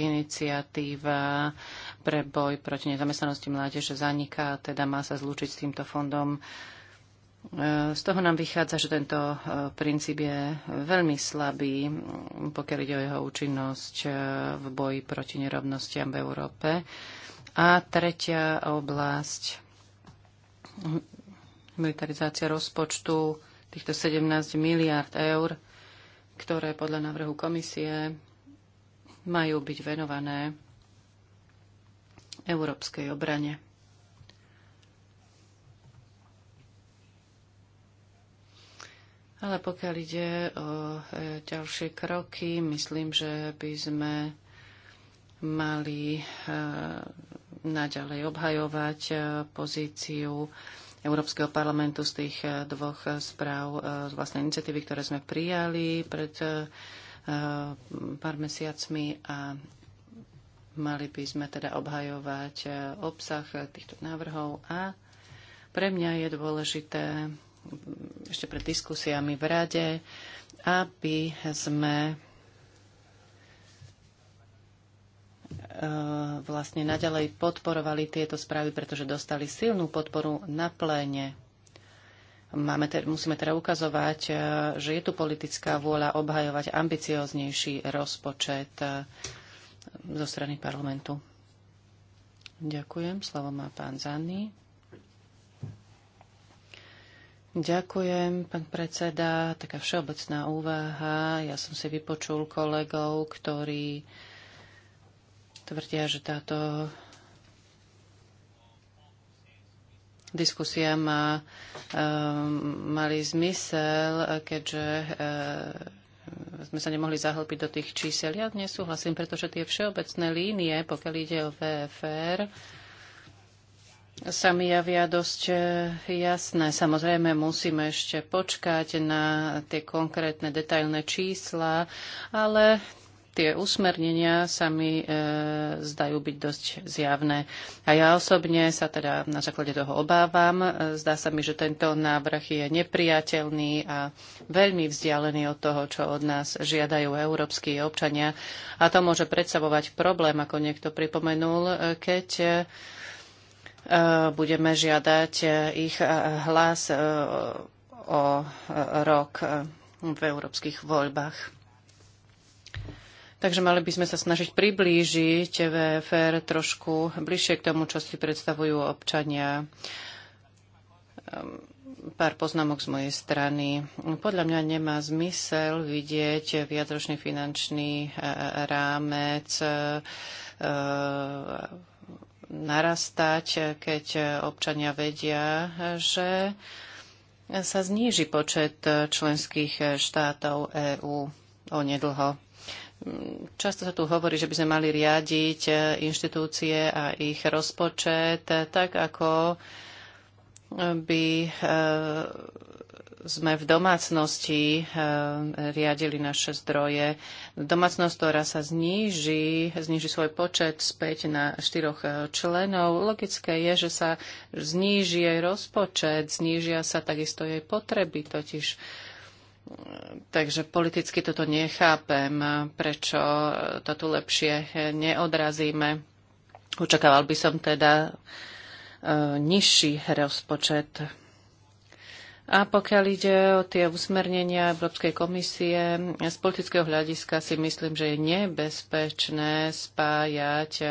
iniciatíva pre boj proti nezamestnanosti mládeže zaniká, teda má sa zlúčiť s týmto fondom. Z toho nám vychádza, že tento princíp je veľmi slabý, pokiaľ ide o jeho účinnosť v boji proti nerovnostiam v Európe. A tretia oblasť, militarizácia rozpočtu týchto 17 miliard eur, ktoré podľa návrhu komisie majú byť venované európskej obrane. Ale pokiaľ ide o e, ďalšie kroky, myslím, že by sme mali e, naďalej obhajovať eh, pozíciu Európskeho parlamentu z tých eh, dvoch eh, správ z vlastnej iniciatívy, ktoré sme prijali pred pár mesiacmi a mali by sme teda obhajovať obsah týchto návrhov a pre mňa je dôležité mm, ešte pred diskusiami v rade, aby sme E, vlastne naďalej podporovali tieto správy, pretože dostali silnú podporu na pléne. Máme te, musíme teda ukazovať, e, že je tu politická vôľa obhajovať ambicioznejší rozpočet e, zo strany parlamentu. Ďakujem. Slovo má pán Zanny. Ďakujem, pán predseda. Taká všeobecná úvaha. Ja som si vypočul kolegov, ktorí tvrdia, že táto diskusia má ehm, malý zmysel, keďže ehm, sme sa nemohli zahlpiť do tých čísel. Ja nesúhlasím, pretože tie všeobecné línie, pokiaľ ide o VFR, sa mi javia dosť eh, jasné. Samozrejme, musíme ešte počkať na tie konkrétne detailné čísla, ale tie usmernenia sa mi e, zdajú byť dosť zjavné. A ja osobne sa teda na základe toho obávam. E, zdá sa mi, že tento návrh je nepriateľný a veľmi vzdialený od toho, čo od nás žiadajú európsky občania. A to môže predstavovať problém, ako niekto pripomenul, e, keď e, budeme žiadať ich hlas o rok v európskych voľbách. Takže mali by sme sa snažiť priblížiť VFR trošku bližšie k tomu, čo si predstavujú občania. Ehm, pár poznámok z mojej strany. Podľa mňa nemá zmysel vidieť viacročný finančný e, rámec e, e, narastať, keď občania vedia, že sa zníži počet členských štátov EÚ onedlho. Často sa tu hovorí, že by sme mali riadiť e, inštitúcie a ich rozpočet tak, ako by e, sme v domácnosti e, riadili naše zdroje. Domácnosť, ktorá sa zníži, zníži svoj počet späť na štyroch členov, logické je, že sa zníži jej rozpočet, znížia sa takisto jej potreby, totiž Takže politicky toto nechápem, prečo to tu lepšie neodrazíme. Očakával by som teda e, nižší rozpočet. A pokiaľ ide o tie usmernenia Európskej komisie, z politického hľadiska si myslím, že je nebezpečné spájať e,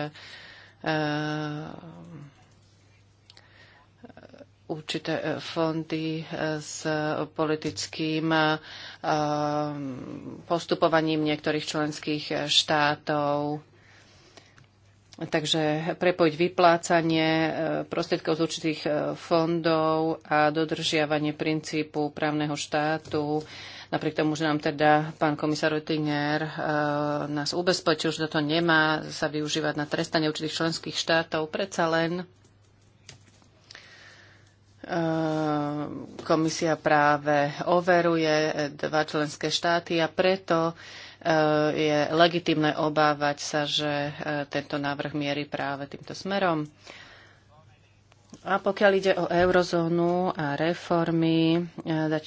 určité e, fondy e, s politickým e, postupovaním niektorých členských štátov. Takže prepojiť vyplácanie prostriedkov z určitých fondov a dodržiavanie princípu právneho štátu. Napriek tomu, že nám teda pán komisár Rutinier nás ubezpečil, že toto nemá sa využívať na trestanie určitých členských štátov, predsa len Ehm, komisia práve overuje dva členské štáty a preto ehm, je legitimné obávať sa, že ehm, tento návrh mierí práve týmto smerom. A pokiaľ ide o eurozónu a reformy, dať,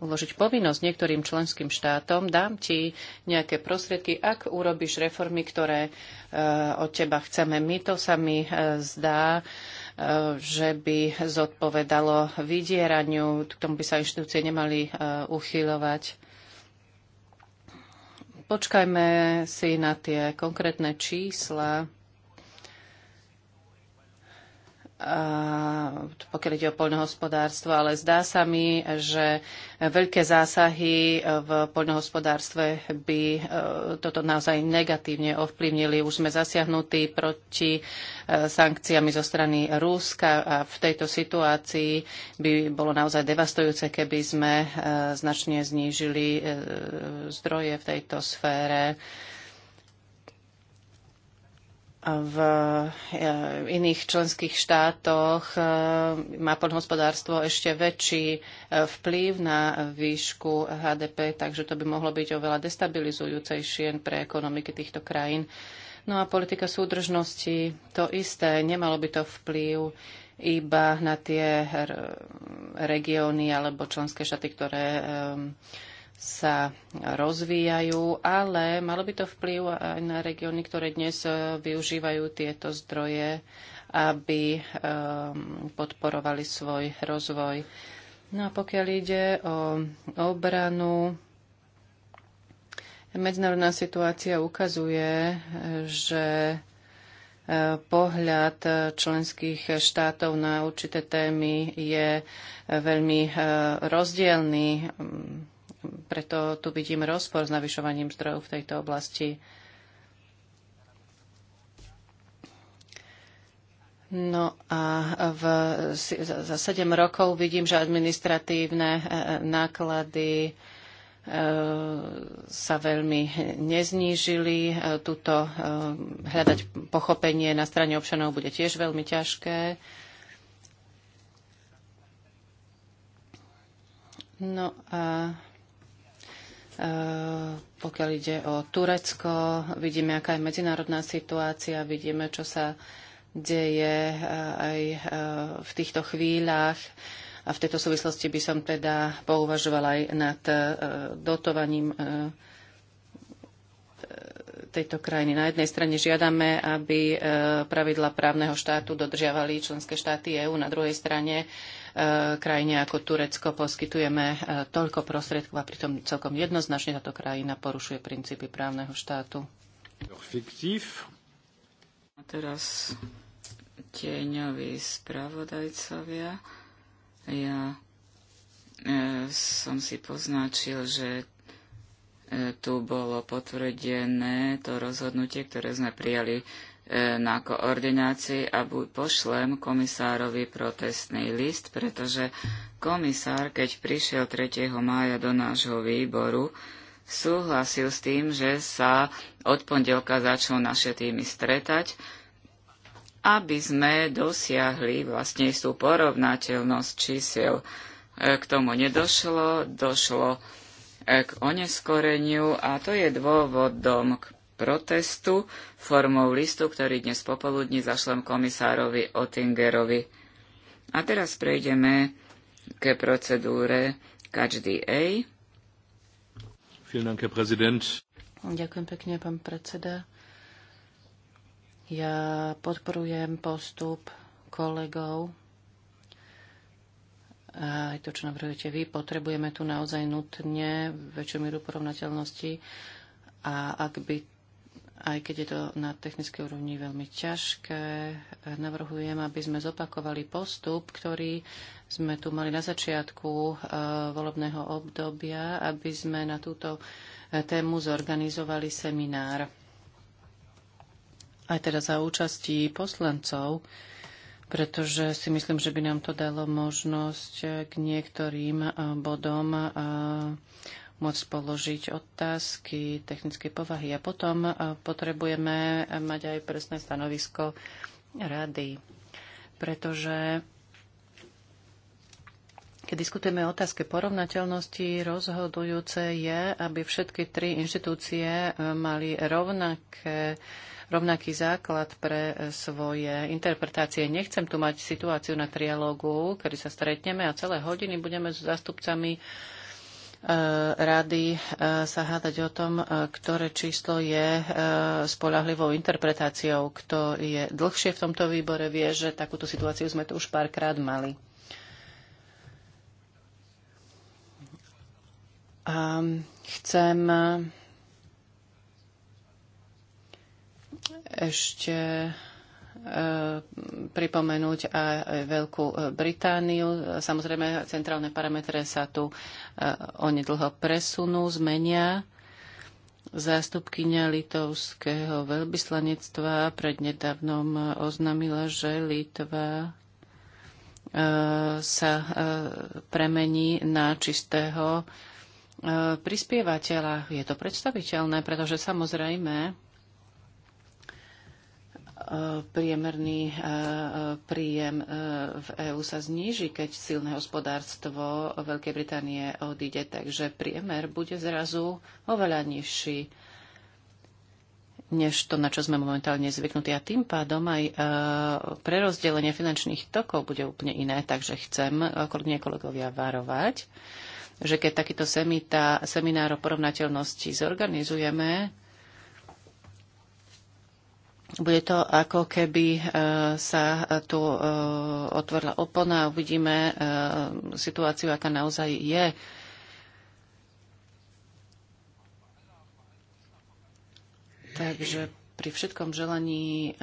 uložiť povinnosť niektorým členským štátom, dám ti nejaké prostriedky, ak urobíš reformy, ktoré od teba chceme. My to sa mi zdá Eh, že by zodpovedalo vydieraniu, k tomu by sa inštitúcie nemali eh, uchyľovať. Počkajme si na tie konkrétne čísla pokiaľ ide o poľnohospodárstvo, ale zdá sa mi, že veľké zásahy v poľnohospodárstve by e, toto naozaj negatívne ovplyvnili. Už sme zasiahnutí proti e, sankciami zo strany Rúska a v tejto situácii by bolo naozaj devastujúce, keby sme e, značne znížili zdroje v tejto sfére v e, iných členských štátoch e, má podhospodárstvo ešte väčší e, vplyv na výšku HDP, takže to by mohlo byť oveľa destabilizujúcejšie pre ekonomiky týchto krajín. No a politika súdržnosti, to isté, nemalo by to vplyv iba na tie regióny alebo členské štáty, ktoré um, sa rozvíjajú, ale malo by to vplyv aj na regióny, ktoré dnes e, využívajú tieto zdroje, aby e, podporovali svoj rozvoj. No a pokiaľ ide o obranu, medzinárodná situácia ukazuje, že e, pohľad členských štátov na určité témy je veľmi rozdielný preto tu vidím rozpor s navyšovaním zdrojov v tejto oblasti. No a v, za 7 rokov vidím, že administratívne e, e, náklady e, sa veľmi neznížili. Tuto hľadať pochopenie na strane občanov bude tiež veľmi ťažké. No a Eh, pokiaľ ide o Turecko, vidíme, aká je medzinárodná situácia, vidíme, čo sa deje eh, aj eh, v týchto chvíľach. A v tejto súvislosti by som teda pouvažovala aj nad dotovaním tejto krajiny. Na jednej strane žiadame, aby pravidla právneho štátu dodržiavali členské štáty EÚ, na druhej strane Eh, krajine ako Turecko poskytujeme eh, toľko prostriedkov a pritom celkom jednoznačne táto krajina porušuje princípy právneho štátu. A teraz tieňoví spravodajcovia. Ja e, som si poznačil, že e, tu bolo potvrdené to rozhodnutie, ktoré sme prijali E, na koordinácii a pošlem komisárovi protestný list, pretože komisár, keď prišiel 3. mája do nášho výboru, súhlasil s tým, že sa od pondelka začnú naše týmy stretať, aby sme dosiahli vlastne istú porovnateľnosť čísiel. E, k tomu nedošlo, došlo e, k oneskoreniu a to je dôvodom k protestu formou listu, ktorý dnes popoludní zašlem komisárovi Otingerovi. A teraz prejdeme ke procedúre každý A. Ďakujem pekne, pán predseda. Ja podporujem postup kolegov aj to, čo navrhujete vy. Potrebujeme tu naozaj nutne väčšiu mieru porovnateľnosti a ak by aj keď je to na technickej úrovni veľmi ťažké. Navrhujem, aby sme zopakovali postup, ktorý sme tu mali na začiatku eh, volebného obdobia, aby sme na túto eh, tému zorganizovali seminár. Aj teda za účasti poslancov, pretože si myslím, že by nám to dalo možnosť eh, k niektorým bodom môcť položiť otázky technickej povahy. A potom e, potrebujeme mať aj presné stanovisko rady, pretože keď diskutujeme o otázke porovnateľnosti, rozhodujúce je, aby všetky tri inštitúcie e, mali rovnaké rovnaký základ pre e, svoje interpretácie. Nechcem tu mať situáciu na trialógu, kedy sa stretneme a celé hodiny budeme s zástupcami Eh, rady eh, sa hádať o tom, eh, ktoré číslo je spolahlivou interpretáciou. Kto je dlhšie v tomto výbore, vie, že takúto situáciu sme tu už párkrát mali. A chcem ešte E, pripomenúť aj Veľkú Britániu. Samozrejme, centrálne parametre sa tu e, onedlho presunú, zmenia. Zástupkynia litovského veľvyslanectva prednedávnom oznámila, že Litva e, sa premení na čistého prispievateľa. Je to predstaviteľné, pretože samozrejme E, priemerný e, e, príjem v EÚ sa zníži, keď silné hospodárstvo Veľkej Británie odíde, takže priemer bude zrazu oveľa nižší než to, na čo sme momentálne zvyknutí. A tým pádom aj e, prerozdelenie finančných tokov bude úplne iné. Takže chcem, kolegyne kolegovia, varovať, že keď takýto semita, seminár o porovnateľnosti zorganizujeme, bude to ako keby e, sa tu e, otvorila opona a uvidíme e, situáciu, aká naozaj je. Takže pri všetkom želaní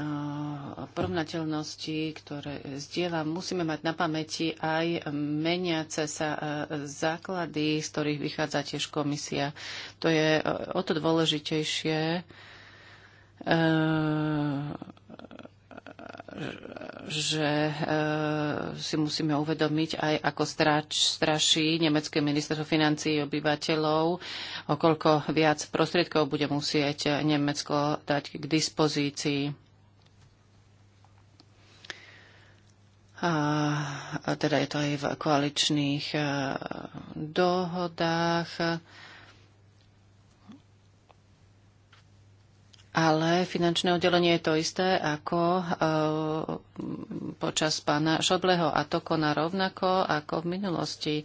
porovnateľnosti, ktoré zdieľam, musíme mať na pamäti aj meniace sa základy, z ktorých vychádza tiež komisia. To je o to dôležitejšie, Ehm, že ehm, si musíme uvedomiť aj, ako strač, straší nemecké ministerstvo financí obyvateľov, o koľko viac prostriedkov bude musieť Nemecko dať k dispozícii. A teda je to aj v koaličných ehm, dohodách Ale finančné oddelenie je to isté ako e, počas pána Šobleho a to koná rovnako ako v minulosti.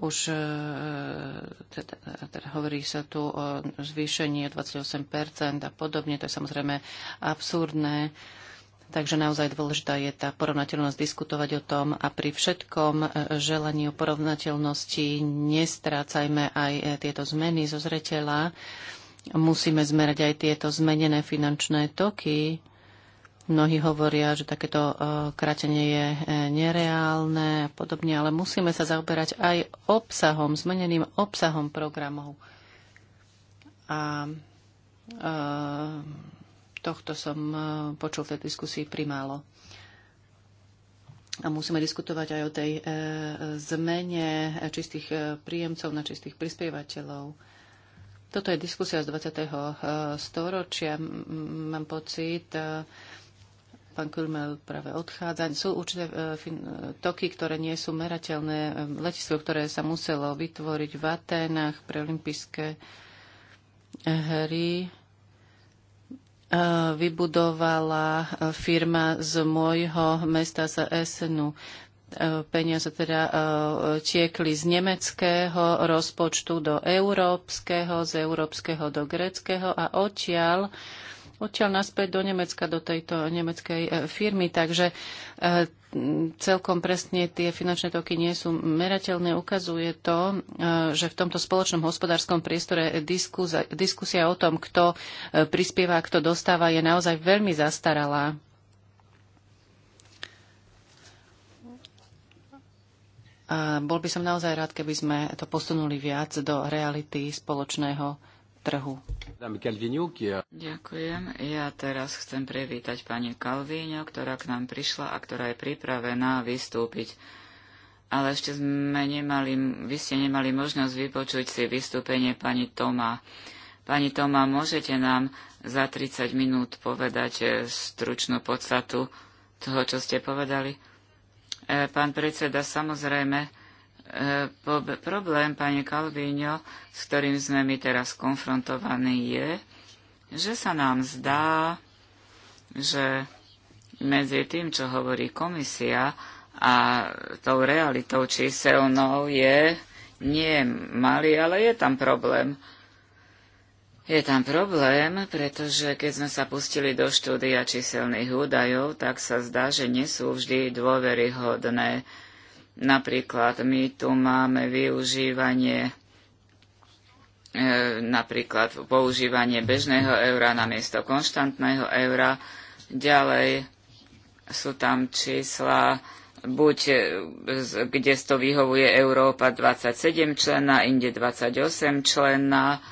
Už e, teda, teda hovorí sa tu o zvýšení 28% a podobne. To je samozrejme absurdné. E, Takže naozaj dôležitá je tá porovnateľnosť diskutovať o tom a pri všetkom e, želaní o porovnateľnosti nestrácajme aj e, tieto zmeny zo zreteľa. Musíme zmerať aj tieto zmenené finančné toky. Mnohí hovoria, že takéto e, krátenie je nereálne a podobne, ale musíme sa zaoberať aj obsahom, zmeneným obsahom programov. A, tohto som e, počul v tej diskusii primálo. A musíme diskutovať aj o tej e, zmene čistých e, príjemcov na čistých prispievateľov. Toto je diskusia z 20. storočia, mám pocit. Pán Kulmel práve odchádza. Sú určité toky, ktoré nie sú merateľné. Letisko, ktoré sa muselo vytvoriť v Atenách pre olympijské hry, E, vybudovala e, firma z môjho mesta z Esenu. E, peniaze teda tiekli z nemeckého rozpočtu do európskeho, z európskeho do greckého a odtiaľ odtiaľ naspäť do Nemecka, do tejto nemeckej e, firmy. Takže e, celkom presne tie finančné toky nie sú merateľné. Ukazuje to, e, že v tomto spoločnom hospodárskom priestore diskusia, o tom, kto prispieva a kto dostáva, je naozaj veľmi zastaralá. A bol by som naozaj rád, keby sme to posunuli viac do reality spoločného trhu. Ďakujem. Ja teraz chcem privítať pani Kalvíňo, ktorá k nám prišla a ktorá je pripravená vystúpiť. Ale ešte sme nemali, vy ste nemali možnosť vypočuť si vystúpenie pani Toma. Pani Toma, môžete nám za 30 minút povedať eh, stručnú podstatu toho, čo ste povedali? Eh, pán predseda, samozrejme, E, problém, pani Kalvíňo, s ktorým sme my teraz konfrontovaní, je, že sa nám zdá, že medzi tým, čo hovorí komisia a tou realitou číselnou je nie malý, ale je tam problém. Je tam problém, pretože keď sme sa pustili do štúdia číselných údajov, tak sa zdá, že nie sú vždy dôveryhodné. Napríklad my tu máme využívanie e, napríklad používanie bežného eura na miesto konštantného eura. Ďalej sú tam čísla, buď e, kde to vyhovuje Európa 27 člena, inde 28 člena.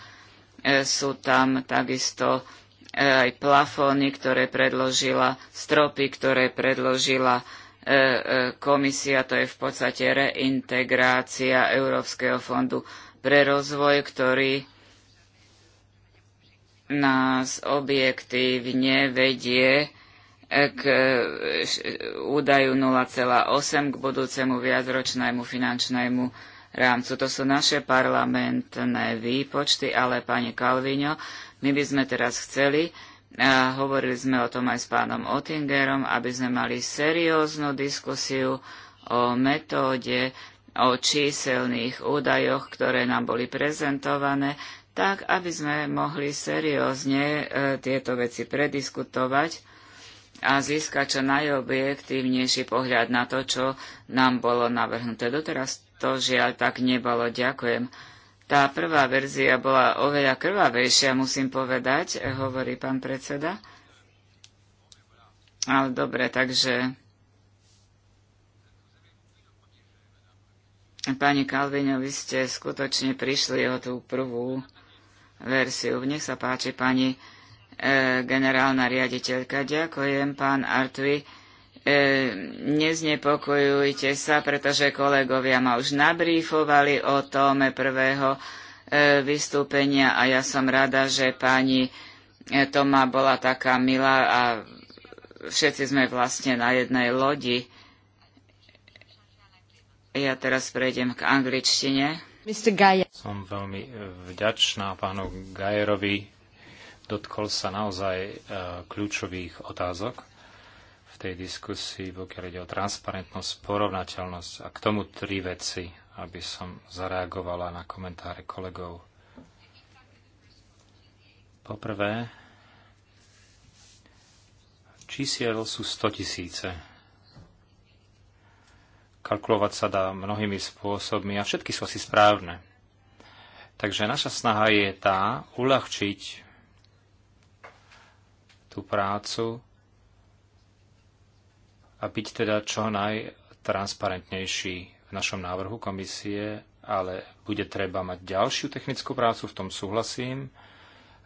E, sú tam takisto aj plafóny, ktoré predložila, stropy, ktoré predložila E, e, komisia, to je v podstate reintegrácia Európskeho fondu pre rozvoj, ktorý nás objektívne vedie e, k údaju 0,8 k budúcemu viacročnému finančnému rámcu. To sú naše parlamentné výpočty, ale pani Kalvino, my by sme teraz chceli, a hovorili sme o tom aj s pánom Ottingerom, aby sme mali serióznu diskusiu o metóde, o číselných údajoch, ktoré nám boli prezentované, tak aby sme mohli seriózne e, tieto veci prediskutovať a získať čo najobjektívnejší pohľad na to, čo nám bolo navrhnuté. Doteraz to žiaľ tak nebolo. Ďakujem. Tá prvá verzia bola oveľa krvavejšia, musím povedať, hovorí pán predseda. Ale dobre, takže Pani Kalvino, vy ste skutočne prišli o tú prvú verziu. Nech sa páči, pani e, generálna riaditeľka. Ďakujem, pán Artui. E, neznepokojujte sa, pretože kolegovia ma už nabrífovali o tome prvého e, vystúpenia a ja som rada, že pani e, Toma bola taká milá a všetci sme vlastne na jednej lodi. Ja teraz prejdem k angličtine. Som veľmi vďačná pánu Gajerovi. Dotkol sa naozaj kľúčových otázok tej diskusii, pokiaľ ide o transparentnosť, porovnateľnosť a k tomu tri veci, aby som zareagovala na komentáre kolegov. Poprvé, čísiel sú 100 tisíce. Kalkulovať sa dá mnohými spôsobmi a všetky sú asi správne. Takže naša snaha je tá uľahčiť tú prácu a byť teda čo najtransparentnejší v našom návrhu komisie, ale bude treba mať ďalšiu technickú prácu, v tom súhlasím.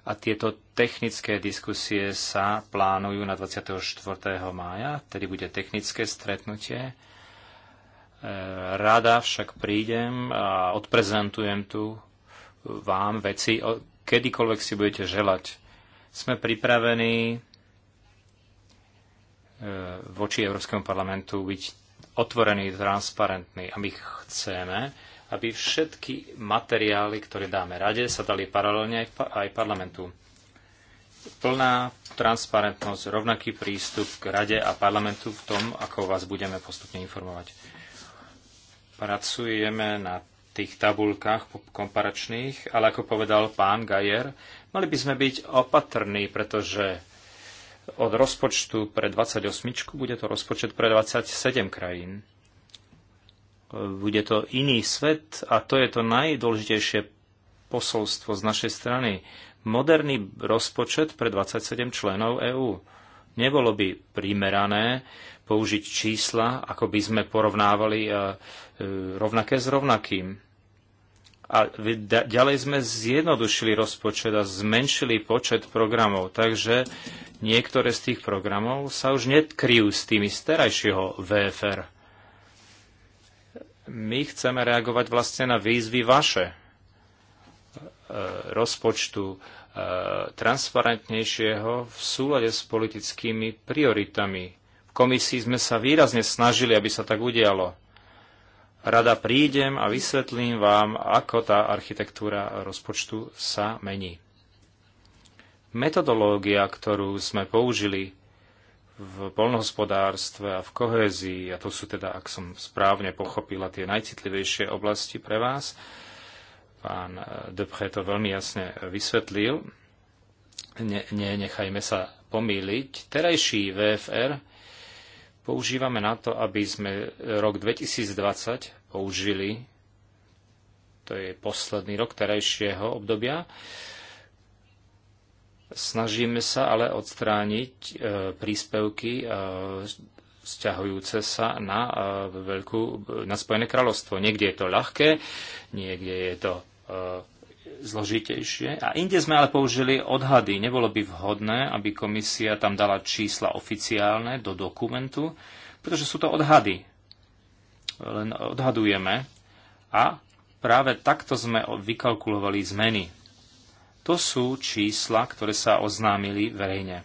A tieto technické diskusie sa plánujú na 24. mája, tedy bude technické stretnutie. E, rada však prídem a odprezentujem tu vám veci, kedykoľvek si budete želať. Sme pripravení E, voči Európskemu parlamentu byť otvorený, transparentný a my chceme, aby všetky materiály, ktoré dáme rade, sa dali paralelne aj parlamentu. Plná transparentnosť, rovnaký prístup k rade a parlamentu v tom, ako vás budeme postupne informovať. Pracujeme na tých tabulkách komparačných, ale ako povedal pán Gajer, mali by sme byť opatrní, pretože od rozpočtu pre 28, bude to rozpočet pre 27 krajín. Bude to iný svet a to je to najdôležitejšie posolstvo z našej strany. Moderný rozpočet pre 27 členov EÚ. Nebolo by primerané použiť čísla, ako by sme porovnávali e, e, rovnaké s rovnakým a ďalej sme zjednodušili rozpočet a zmenšili počet programov, takže niektoré z tých programov sa už netkryjú s tými z terajšieho VFR. My chceme reagovať vlastne na výzvy vaše e, rozpočtu e, transparentnejšieho v súlade s politickými prioritami. V komisii sme sa výrazne snažili, aby sa tak udialo Rada prídem a vysvetlím vám, ako tá architektúra rozpočtu sa mení. Metodológia, ktorú sme použili v polnohospodárstve a v kohézii, a to sú teda, ak som správne pochopila, tie najcitlivejšie oblasti pre vás, pán Depre to veľmi jasne vysvetlil, ne, ne, nechajme sa pomýliť, terajší VFR používame na to, aby sme rok 2020 použili, to je posledný rok terajšieho obdobia, snažíme sa ale odstrániť e, príspevky e, vzťahujúce sa na, e, veľkú, na Spojené kráľovstvo. Niekde je to ľahké, niekde je to zložitejšie. A inde sme ale použili odhady. Nebolo by vhodné, aby komisia tam dala čísla oficiálne do dokumentu, pretože sú to odhady len odhadujeme a práve takto sme vykalkulovali zmeny. To sú čísla, ktoré sa oznámili verejne.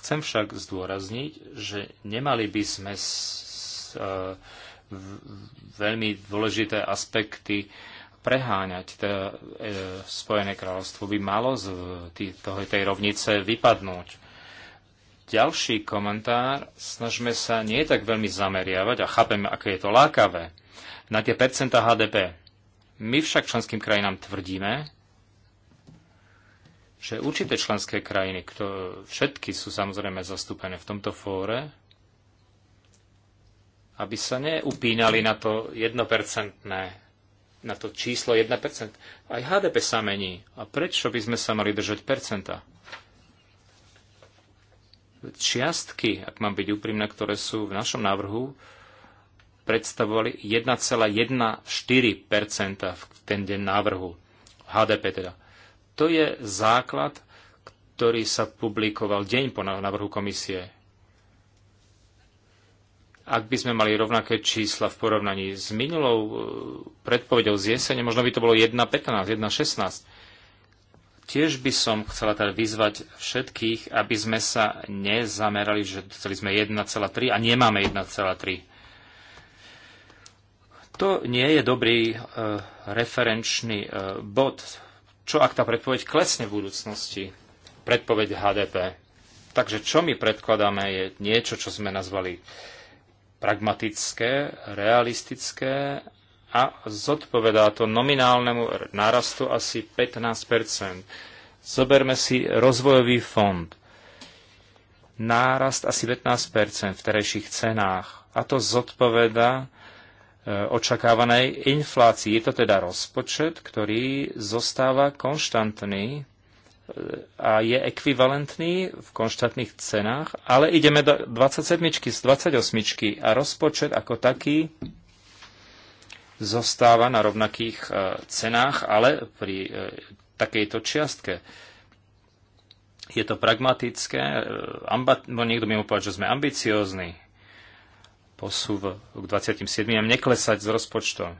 Chcem však zdôrazniť, že nemali by sme s, e, veľmi dôležité aspekty preháňať. Te, e, Spojené kráľovstvo by malo z tohoj, tej rovnice vypadnúť ďalší komentár, snažme sa nie tak veľmi zameriavať a chápeme, aké je to lákavé, na tie percentá HDP. My však členským krajinám tvrdíme, že určité členské krajiny, ktoré všetky sú samozrejme zastúpené v tomto fóre, aby sa neupínali na to 1%, na to číslo 1%. Aj HDP sa mení. A prečo by sme sa mali držať percenta? čiastky, ak mám byť úprimná, ktoré sú v našom návrhu, predstavovali 1,14 v ten deň návrhu HDP teda. To je základ, ktorý sa publikoval deň po návrhu komisie. Ak by sme mali rovnaké čísla v porovnaní s minulou eh, predpovedou z jesene, možno by to bolo 1,15, 1,16 Tiež by som chcela teda vyzvať všetkých, aby sme sa nezamerali, že chceli sme 1,3 a nemáme 1,3. To nie je dobrý e, referenčný e, bod. Čo ak tá predpoveď klesne v budúcnosti? Predpoveď HDP. Takže čo my predkladáme je niečo, čo sme nazvali pragmatické, realistické a zodpovedá to nominálnemu nárastu asi 15 Zoberme si rozvojový fond. Nárast asi 15 v terejších cenách. A to zodpoveda e, očakávanej inflácii. Je to teda rozpočet, ktorý zostáva konštantný e, a je ekvivalentný v konštantných cenách, ale ideme do 27 z 28 a rozpočet ako taký zostáva na rovnakých e, cenách, ale pri e, takejto čiastke. Je to pragmatické, e, amba, niekto by mu povedal, že sme ambiciózni, posúv k 27. neklesať s rozpočtom.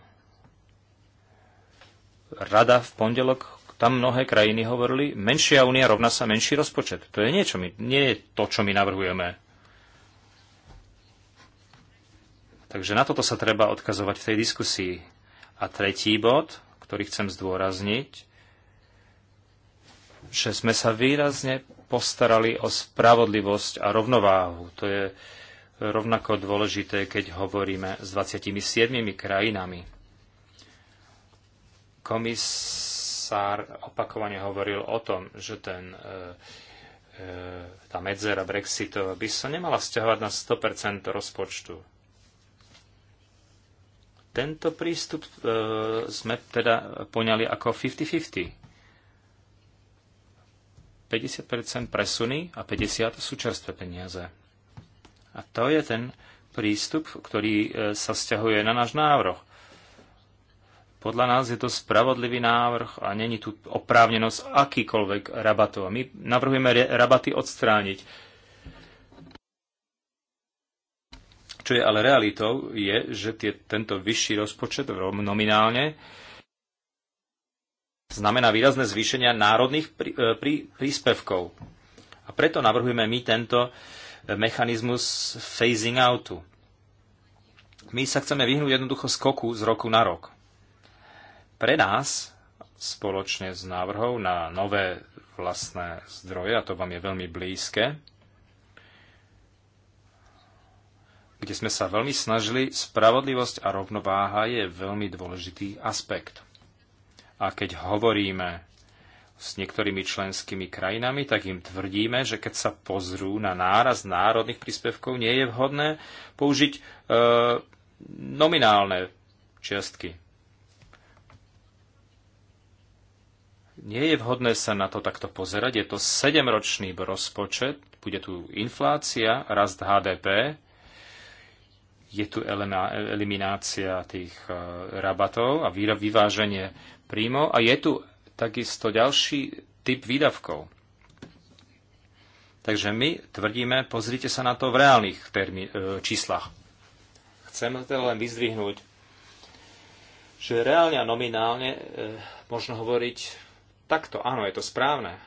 Rada v pondelok, tam mnohé krajiny hovorili, menšia únia rovná sa menší rozpočet. To je niečo, my, nie je to, čo my navrhujeme. Takže na toto sa treba odkazovať v tej diskusii. A tretí bod, ktorý chcem zdôrazniť, že sme sa výrazne postarali o spravodlivosť a rovnováhu. To je rovnako dôležité, keď hovoríme s 27 krajinami. Komisár opakovane hovoril o tom, že ten, e, e, tá medzera Brexitova by sa nemala stiahovať na 100% rozpočtu tento prístup e, sme teda poňali ako 50-50. 50%, presuny a 50 sú čerstvé peniaze. A to je ten prístup, ktorý e, sa sťahuje na náš návrh. Podľa nás je to spravodlivý návrh a není tu oprávnenosť akýkoľvek rabatov. My navrhujeme rabaty odstrániť Čo je ale realitou, je, že tie, tento vyšší rozpočet nominálne znamená výrazné zvýšenia národných prí, e, prí, príspevkov. A preto navrhujeme my tento e, mechanizmus phasing outu. My sa chceme vyhnúť jednoducho skoku z roku na rok. Pre nás, spoločne s návrhov na nové vlastné zdroje, a to vám je veľmi blízke, kde sme sa veľmi snažili, spravodlivosť a rovnováha je veľmi dôležitý aspekt. A keď hovoríme s niektorými členskými krajinami, tak im tvrdíme, že keď sa pozrú na náraz národných príspevkov, nie je vhodné použiť e, nominálne čiastky. Nie je vhodné sa na to takto pozerať. Je to 7-ročný rozpočet, bude tu inflácia, rast HDP, je tu eliminácia tých eh, rabatov a vyváženie príjmov a je tu takisto ďalší typ výdavkov. Takže my tvrdíme, pozrite sa na to v reálnych termi- eh, číslach. Chcem teda len vyzdvihnúť, že reálne a nominálne e, možno hovoriť takto, áno, je to správne.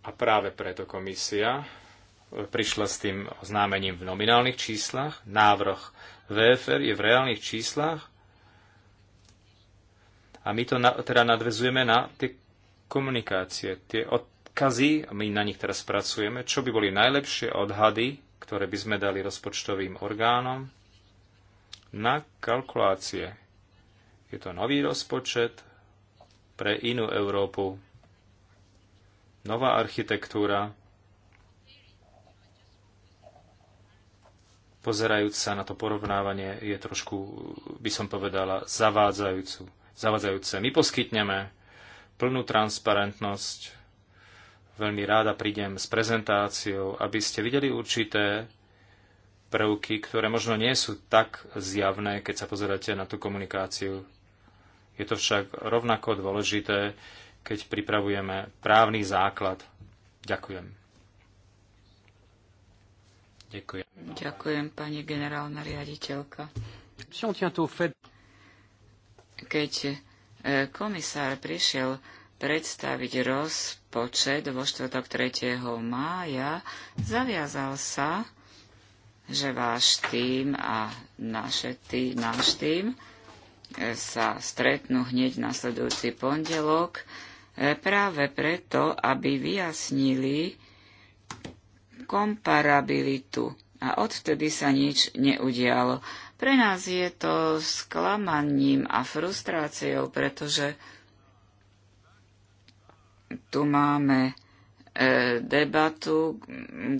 A práve preto komisia prišla s tým oznámením v nominálnych číslach. Návrh VFR je v reálnych číslach. A my to na, teda nadvezujeme na tie komunikácie, tie odkazy, my na nich teraz pracujeme, čo by boli najlepšie odhady, ktoré by sme dali rozpočtovým orgánom na kalkulácie. Je to nový rozpočet pre inú Európu, nová architektúra, pozerajúc sa na to porovnávanie, je trošku, by som povedala, zavádzajúcu, zavádzajúce. My poskytneme plnú transparentnosť. Veľmi ráda prídem s prezentáciou, aby ste videli určité prvky, ktoré možno nie sú tak zjavné, keď sa pozeráte na tú komunikáciu. Je to však rovnako dôležité, keď pripravujeme právny základ. Ďakujem. Ďakujem. Ďakujem, pani generálna riaditeľka. Keď e, komisár prišiel predstaviť rozpočet vo štvrtok 3. mája, zaviazal sa, že váš tým a naše tý, náš tým e, sa stretnú hneď nasledujúci pondelok e, práve preto, aby vyjasnili komparabilitu. A odvtedy sa nič neudialo. Pre nás je to sklamaním a frustráciou, pretože tu máme e, debatu,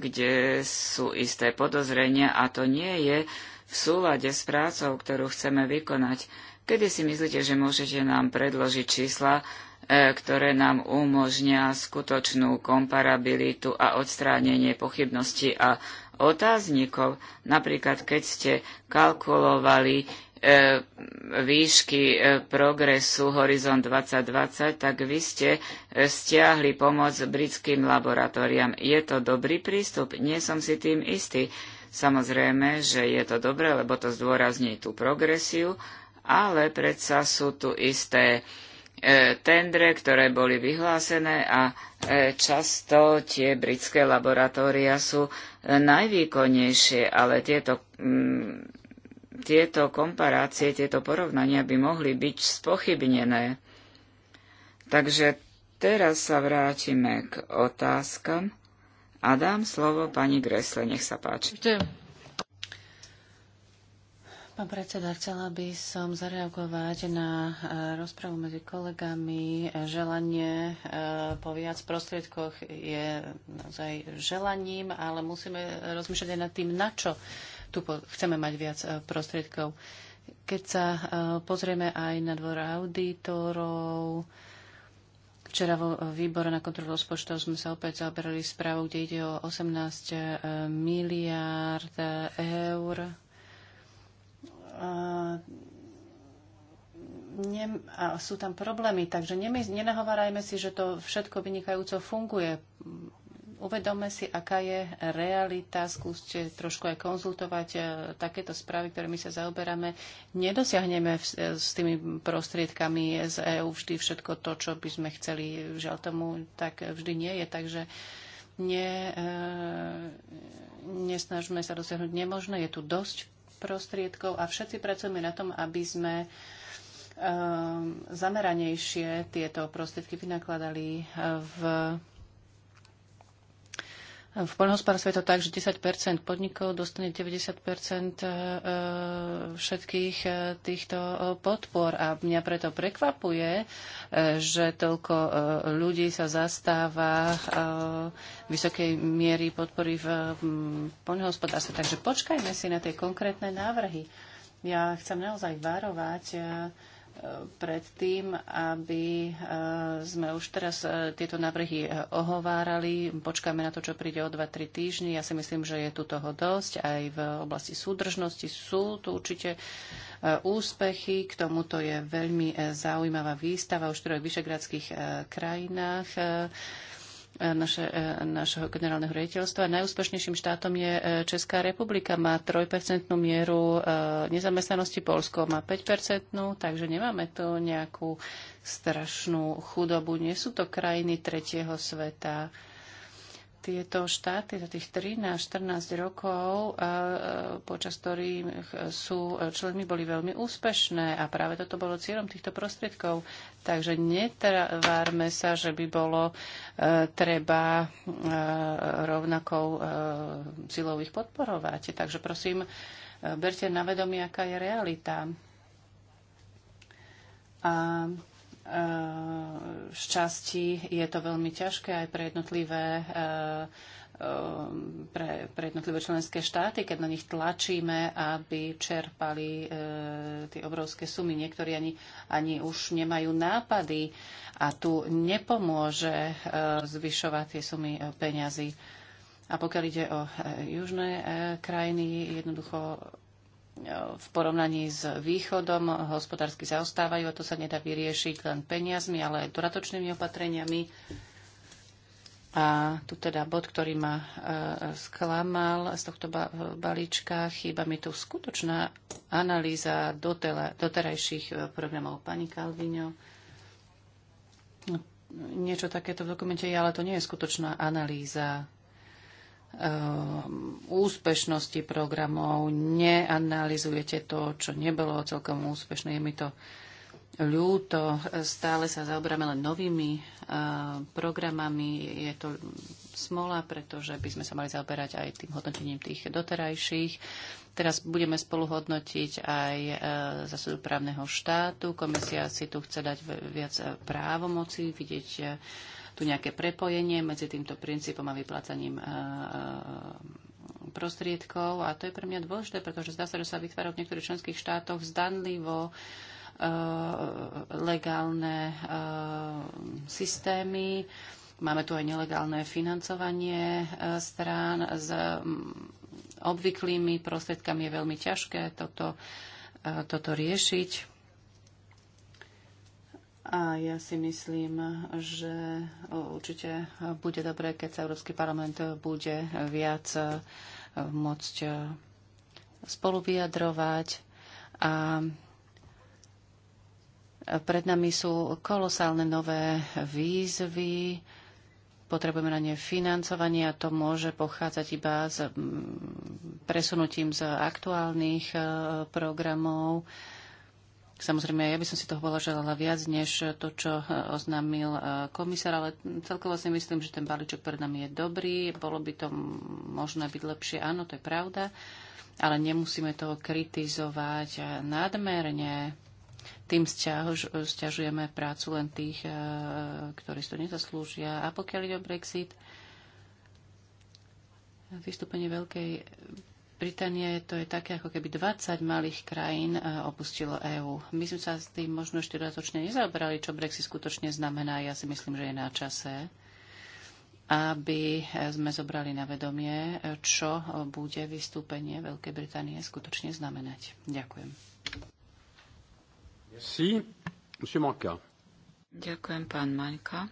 kde sú isté podozrenia a to nie je v súlade s prácou, ktorú chceme vykonať. Kedy si myslíte, že môžete nám predložiť čísla, E, ktoré nám umožnia skutočnú komparabilitu a odstránenie pochybností a otáznikov. Napríklad, keď ste kalkulovali e, výšky e, progresu Horizon 2020, tak vy ste stiahli pomoc britským laboratóriám. Je to dobrý prístup? Nie som si tým istý. Samozrejme, že je to dobré, lebo to zdôrazní tú progresiu, ale predsa sú tu isté E, tendre, ktoré boli vyhlásené a e, často tie britské laboratória sú e, najvýkonnejšie, ale tieto, mm, tieto komparácie, tieto porovnania by mohli byť spochybnené. Takže teraz sa vrátime k otázkam a dám slovo pani Gresle, nech sa páči. Ďakujem. Pán predseda, chcela by som zareagovať na eh, rozpravu medzi kolegami. Želanie eh, po viac prostriedkoch je naozaj želaním, ale musíme rozmýšľať aj nad tým, na čo tu chceme mať viac eh, prostriedkov. Keď sa pozrieme aj na dvor auditorov, Včera vo výbore na kontrolu rozpočtov sme sa opäť zaoberali správou, kde ide o 18 miliárd eur E, ne, a sú tam problémy, takže nemy, nenahovárajme si, že to všetko vynikajúco funguje. Uvedome si, aká je realita, skúste trošku aj konzultovať e, takéto správy, ktorými sa zaoberáme. Nedosiahneme v, e, s tými prostriedkami z EÚ vždy všetko to, čo by sme chceli. Žiaľ tomu tak vždy nie je, takže nie, e, nesnažme sa dosiahnuť nemožné. Je tu dosť prostriedkov a všetci pracujeme na tom, aby sme ehm, zameranejšie tieto prostriedky vynakladali v v poľnohospodárstve je to tak, že 10 podnikov dostane 90 e, e, všetkých e, týchto podpor. A mňa preto prekvapuje, že toľko ľudí sa zastáva vysokej miery podpory v mm, poľnohospodárstve. Takže počkajme si na tie konkrétne návrhy. Ja chcem naozaj varovať predtým, aby eh, sme už teraz eh, tieto návrhy eh, ohovárali. Počkáme na to, čo príde o 2-3 týždne. Ja si myslím, že je tu toho dosť. Aj v oblasti súdržnosti sú tu určite úspechy. K tomuto je veľmi zaujímavá výstava o štyroch vyšegradských krajinách naše, e, našeho generálneho riaditeľstva. Najúspešnejším štátom je e, Česká republika. Má 3% mieru e, nezamestnanosti, Polsko má 5%, takže nemáme tu nejakú strašnú chudobu. Nie sú to krajiny tretieho sveta tieto štáty za tých 13-14 rokov, e, e, počas ktorých sú členmi, boli veľmi úspešné a práve toto bolo cieľom týchto prostriedkov. Takže netvárme sa, že by bolo e, treba rovnakou silou ich podporovať. Takže prosím, berte na vedomie, aká je realita. A v časti je to veľmi ťažké aj pre jednotlivé eh, pre, pre jednotlivé členské štáty, keď na nich tlačíme, aby čerpali e, tie obrovské sumy. Niektorí ani, ani už nemajú nápady a tu nepomôže e, zvyšovať tie sumy e, peňazí. A pokiaľ ide o e, južné e, krajiny, jednoducho v porovnaní s východom hospodársky zaostávajú a to sa nedá vyriešiť len peniazmi, ale aj doratočnými opatreniami. A tu teda bod, ktorý ma e, sklamal z tohto balíčka, chýba mi tu skutočná analýza doterajších e, programov. Pani Kalvino, niečo takéto v dokumente je, ale to nie je skutočná analýza Ehm, úspešnosti programov, neanalizujete to, čo nebolo celkom úspešné. Je mi to ľúto, stále sa zaoberáme len novými ehm, programami. Je to smola, pretože by sme sa mali zaoberať aj tým hodnotením tých doterajších. Teraz budeme spolu hodnotiť aj ehm, zásadu právneho štátu. Komisia si tu chce dať viac právomoci, vidieť tu nejaké prepojenie medzi týmto princípom a vyplácaním eh, eh, prostriedkov. A to je pre mňa dôležité, pretože zdá sa, že sa vytvára v niektorých členských štátoch zdanlivo eh, legálne systémy. Máme tu aj nelegálne financovanie strán s mm, obvyklými prostriedkami je veľmi ťažké toto, toto riešiť. A ja si myslím, že e, určite bude dobré, keď sa Európsky parlament bude viac e, môcť e, spolu vyjadrovať. A pred nami sú kolosálne nové výzvy, potrebujeme na ne financovanie a to môže pochádzať iba s presunutím z aktuálnych programov Samozrejme, ja by som si toho bola želala viac, než to, čo eh, oznámil eh, komisár, ale celkovo si myslím, že ten balíček pred nami je dobrý. Bolo by to možné byť lepšie, áno, to je pravda, ale nemusíme to kritizovať eh, nadmerne. Tým stiažujeme prácu len tých, ktorí si to nezaslúžia. A pokiaľ ide o Brexit, vystúpenie Veľkej Británia to je také, ako keby 20 malých krajín e, opustilo EÚ. My sme sa s tým možno ešte dodatočne nezaoberali, čo Brexit skutočne znamená. Ja si myslím, že je na čase, aby e, sme zobrali na vedomie, e, čo bude vystúpenie Veľkej Británie skutočne znamenať. Ďakujem. Merci. Monsieur Manka. Ďakujem, pán Manka.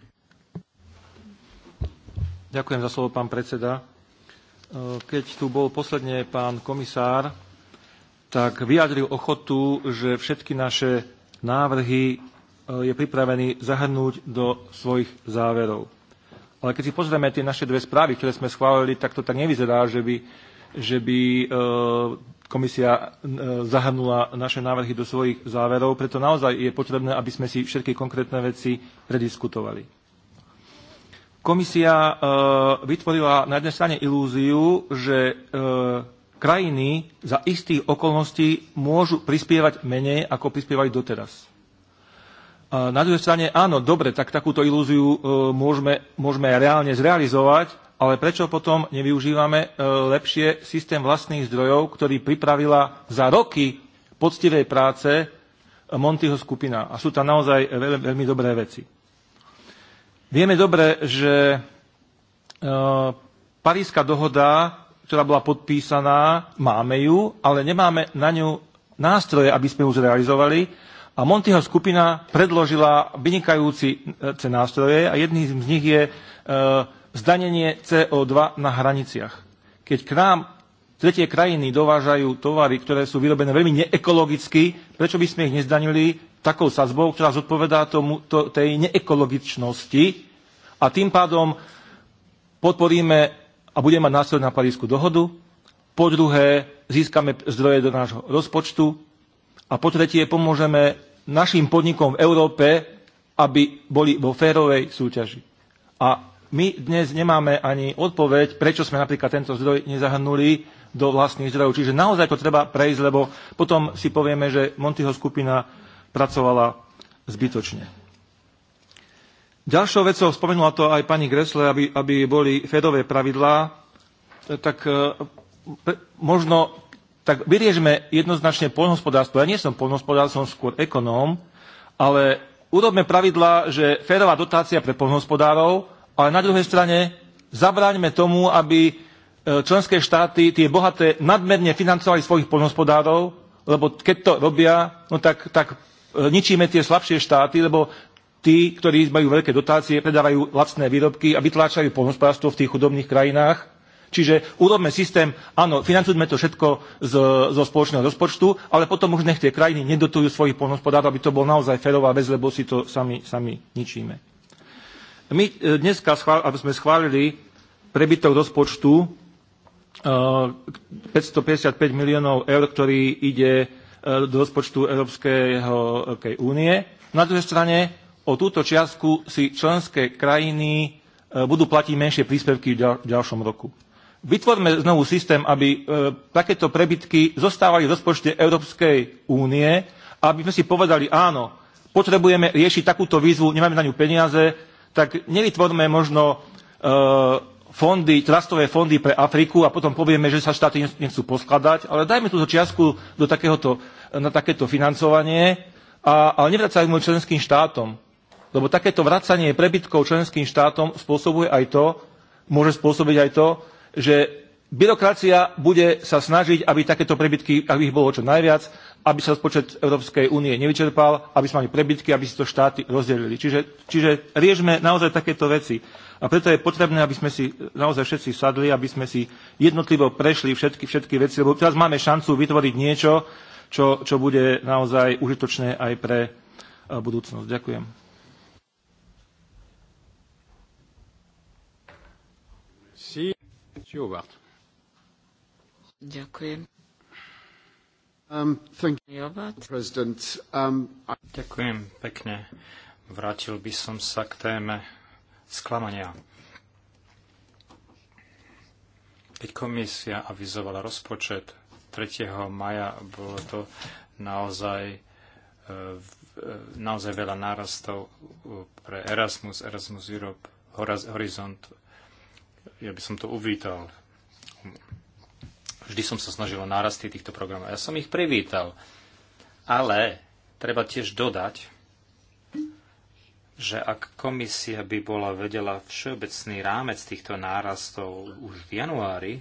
Ďakujem za slovo, pán predseda keď tu bol posledne pán komisár, tak vyjadril ochotu, že všetky naše návrhy e, je pripravený zahrnúť do svojich záverov. Ale keď si pozrieme tie naše dve správy, ktoré sme schválili, tak to tak nevyzerá, že by, že by e, komisia e, zahrnula naše návrhy do svojich záverov. Preto naozaj je potrebné, aby sme si všetky konkrétne veci prediskutovali. Komisia e, vytvorila na jednej strane ilúziu, že e, krajiny za istých okolností môžu prispievať menej, ako prispievali doteraz. Na druhej strane, áno, dobre, tak takúto ilúziu e, môžeme, môžeme reálne zrealizovať, ale prečo potom nevyužívame lepšie systém vlastných zdrojov, ktorý pripravila za roky poctivej práce Montyho skupina. A sú tam naozaj veľmi dobré veci. Vieme dobre, že e, Paríska dohoda, ktorá bola podpísaná, máme ju, ale nemáme na ňu nástroje, aby sme ju zrealizovali. A Montyho skupina predložila vynikajúci e, nástroje a jedným z nich je e, zdanenie CO2 na hraniciach. Keď k nám tretie krajiny dovážajú tovary, ktoré sú vyrobené veľmi neekologicky, prečo by sme ich nezdanili takou sazbou, ktorá zodpovedá tomu, to, tej neekologičnosti a tým pádom podporíme a budeme mať nástroj na Parísku dohodu, po druhé získame zdroje do nášho rozpočtu a po tretie pomôžeme našim podnikom v Európe, aby boli vo férovej súťaži. A my dnes nemáme ani odpoveď, prečo sme napríklad tento zdroj nezahrnuli do vlastných zdrojov. Čiže naozaj to treba prejsť, lebo potom si povieme, že Montyho skupina pracovala zbytočne. Ďalšou vecou spomenula to aj pani Gressle, aby, aby boli fedové pravidlá, tak e, možno tak vyriežme jednoznačne poľnohospodárstvo. Ja nie som poľnohospodár, som skôr ekonóm, ale urobme pravidlá, že férová dotácia pre poľnohospodárov, ale na druhej strane zabráňme tomu, aby e, členské štáty, tie bohaté, nadmerne financovali svojich poľnohospodárov, lebo keď to robia, no tak, tak E, ničíme tie slabšie štáty, lebo tí, ktorí majú veľké dotácie, predávajú lacné výrobky a vytláčajú poľnohospodárstvo v tých chudobných krajinách. Čiže urobme systém, áno, financujme to všetko z, zo spoločného rozpočtu, ale potom už nech tie krajiny nedotujú svojich poľnohospodárov, aby to bolo naozaj ferová vec, lebo si to sami, sami ničíme. My e, dnes sme schválili prebytok rozpočtu 555 e, miliónov eur, ktorý ide E, do rozpočtu Európskej e, únie. No na druhej strane o túto čiastku si členské krajiny e, budú platiť menšie príspevky v ďalšom roku. Vytvorme znovu systém, aby takéto prebytky zostávali v rozpočte Európskej únie, aby sme si povedali, áno, potrebujeme riešiť takúto výzvu, nemáme na ňu peniaze, tak nevytvorme možno fondy, trastové fondy pre Afriku a potom povieme, že sa štáty nechcú poskladať, ale dajme túto čiastku do takéhoto, na takéto financovanie, a, ale nevracajme členským štátom. Lebo takéto vracanie prebytkov členským štátom spôsobuje aj to, môže spôsobiť aj to, že byrokracia bude sa snažiť, aby takéto prebytky, aby ich bolo čo najviac, aby sa rozpočet Európskej únie nevyčerpal, aby sme mali prebytky, aby si to štáty rozdelili. Čiže, čiže riešme naozaj takéto veci. A preto je potrebné, aby sme si naozaj všetci sadli, aby sme si jednotlivo prešli všetky, všetky veci, lebo teraz máme šancu vytvoriť niečo, čo, čo bude naozaj užitočné aj pre e, budúcnosť. Ďakujem. Ďakujem. Um, um, I... Ďakujem pekne. Vrátil by som sa k téme sklamania. Keď komisia avizovala rozpočet 3. maja, bolo to naozaj, e, e, naozaj veľa nárastov e, pre Erasmus, Erasmus Europe, Horizont. Ja by som to uvítal. Vždy som sa snažil o nárasty týchto programov. Ja som ich privítal. Ale treba tiež dodať, že ak komisia by bola vedela všeobecný rámec týchto nárastov už v januári,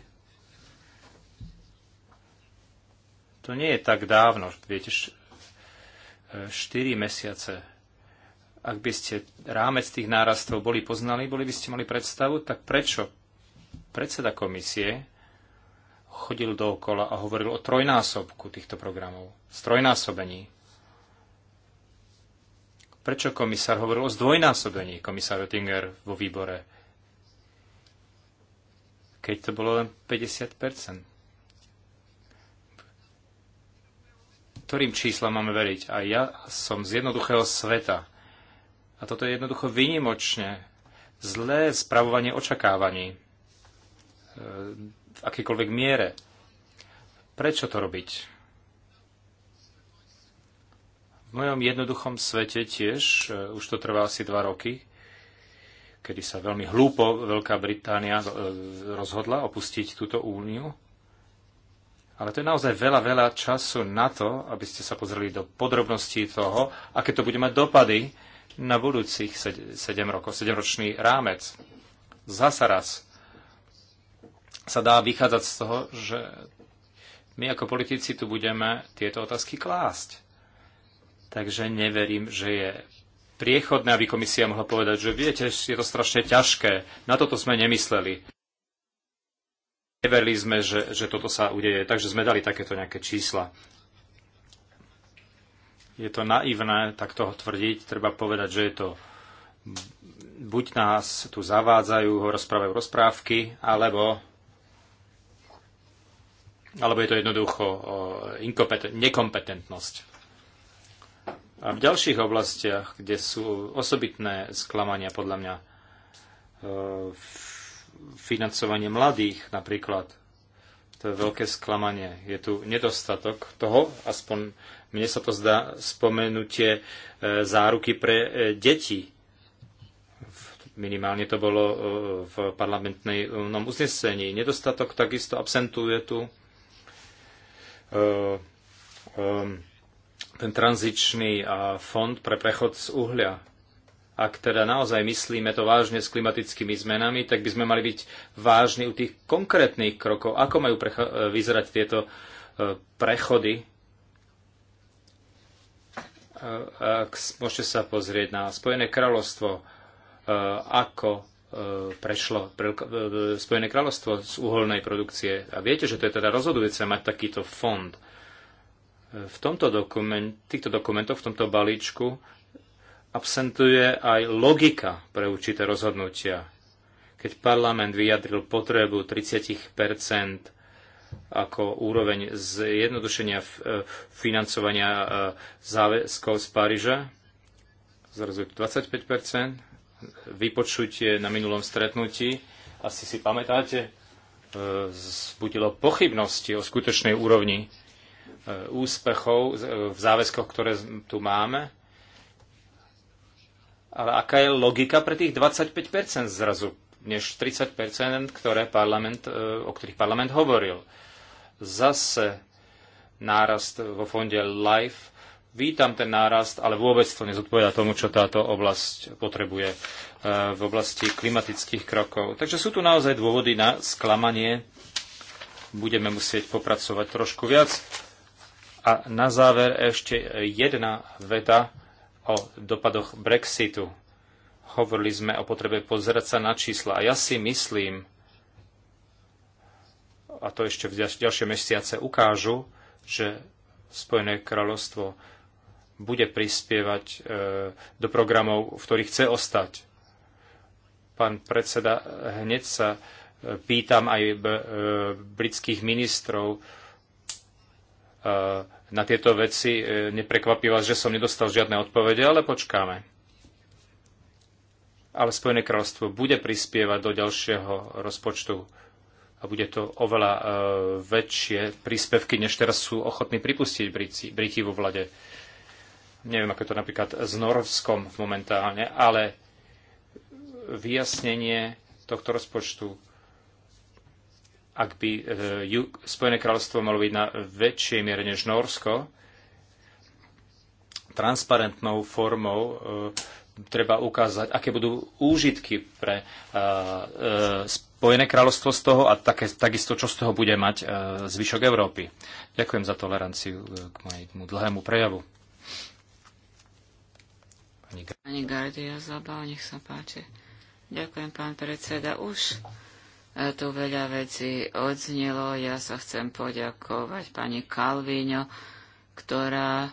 to nie je tak dávno, viete, 4 mesiace. Ak by ste rámec tých nárastov boli poznali, boli by ste mali predstavu, tak prečo predseda komisie chodil dookola a hovoril o trojnásobku týchto programov, strojnásobení Prečo komisár hovoril o zdvojnásobení, komisár Oettinger vo výbore? Keď to bolo len 50 Ktorým čísla máme veriť? A ja som z jednoduchého sveta. A toto je jednoducho vynimočne zlé spravovanie očakávaní e, v akejkoľvek miere. Prečo to robiť? V mojom jednoduchom svete tiež, e, už to trvá asi dva roky, kedy sa veľmi hlúpo Veľká Británia e, rozhodla opustiť túto úniu. Ale to je naozaj veľa, veľa času na to, aby ste sa pozreli do podrobností toho, aké to bude mať dopady na budúcich 7 rokov, 7-ročný rámec. Zasa raz sa dá vychádzať z toho, že my ako politici tu budeme tieto otázky klásť Takže neverím, že je priechodné, aby komisia mohla povedať, že viete, je to strašne ťažké. Na toto sme nemysleli. Neverili sme, že, že toto sa udeje, takže sme dali takéto nejaké čísla. Je to naivné takto tvrdiť. Treba povedať, že je to buď nás tu zavádzajú, rozprávajú rozprávky, alebo, alebo je to jednoducho nekompetentnosť a v ďalších oblastiach, kde sú osobitné sklamania podľa mňa, e, financovanie mladých napríklad, to je veľké sklamanie. Je tu nedostatok toho, aspoň mne sa to zdá spomenutie e, záruky pre e, deti. Minimálne to bolo v parlamentnom uznesení. Nedostatok takisto absentuje tu. Um, ten tranzičný fond pre prechod z uhlia. Ak teda naozaj myslíme to vážne s klimatickými zmenami, tak by sme mali byť vážni u tých konkrétnych krokov. Ako majú e, vyzerať tieto e, prechody? E, ak môžete sa pozrieť na Spojené kráľovstvo, ako prešlo Spojené kráľovstvo z uholnej produkcie. A viete, že to je teda rozhodujúce mať takýto fond v tomto dokument, týchto dokumentoch, v tomto balíčku absentuje aj logika pre určité rozhodnutia. Keď parlament vyjadril potrebu 30 ako úroveň zjednodušenia eh, financovania eh, záväzkov z Paríža, zrazu 25 vypočutie na minulom stretnutí, asi si pamätáte, eh, zbudilo pochybnosti o skutočnej úrovni E, úspechov e, v záväzkoch, ktoré tu máme. Ale aká je logika pre tých 25% zrazu, než 30%, ktoré parlament, e, o ktorých parlament hovoril? Zase nárast vo fonde LIFE. Vítam ten nárast, ale vôbec to nezodpoveda tomu, čo táto oblasť potrebuje v oblasti klimatických krokov. Takže sú tu naozaj dôvody na sklamanie. Budeme musieť popracovať trošku viac a na záver ešte jedna veta o dopadoch Brexitu. Hovorili sme o potrebe pozerať sa na čísla. A ja si myslím, a to ešte v ďalšie mesiace ukážu, že Spojené kráľovstvo bude prispievať e, do programov, v ktorých chce ostať. Pán predseda, hneď sa e, pýtam aj e, britských ministrov, Eh, na tieto veci. Eh, neprekvapí vás, že som nedostal žiadne odpovede, ale počkáme. Ale Spojené kráľovstvo bude prispievať do ďalšieho rozpočtu a bude to oveľa eh, väčšie príspevky, než teraz sú ochotní pripustiť Briti, Briti vo vlade. Neviem, ako je to napríklad s Norskom momentálne, ale vyjasnenie tohto rozpočtu ak by e, Spojené kráľovstvo malo byť na väčšej miere než Norsko, transparentnou formou e, treba ukázať, aké budú úžitky pre e, Spojené kráľovstvo z toho a také, takisto, čo z toho bude mať zvyšok Európy. Ďakujem za toleranciu k mojemu dlhému prejavu. Pani Gardia Zabal, nech sa páči. Ďakujem, pán predseda. Už a tu veľa vecí odznelo. Ja sa chcem poďakovať pani Kalvíňo, ktorá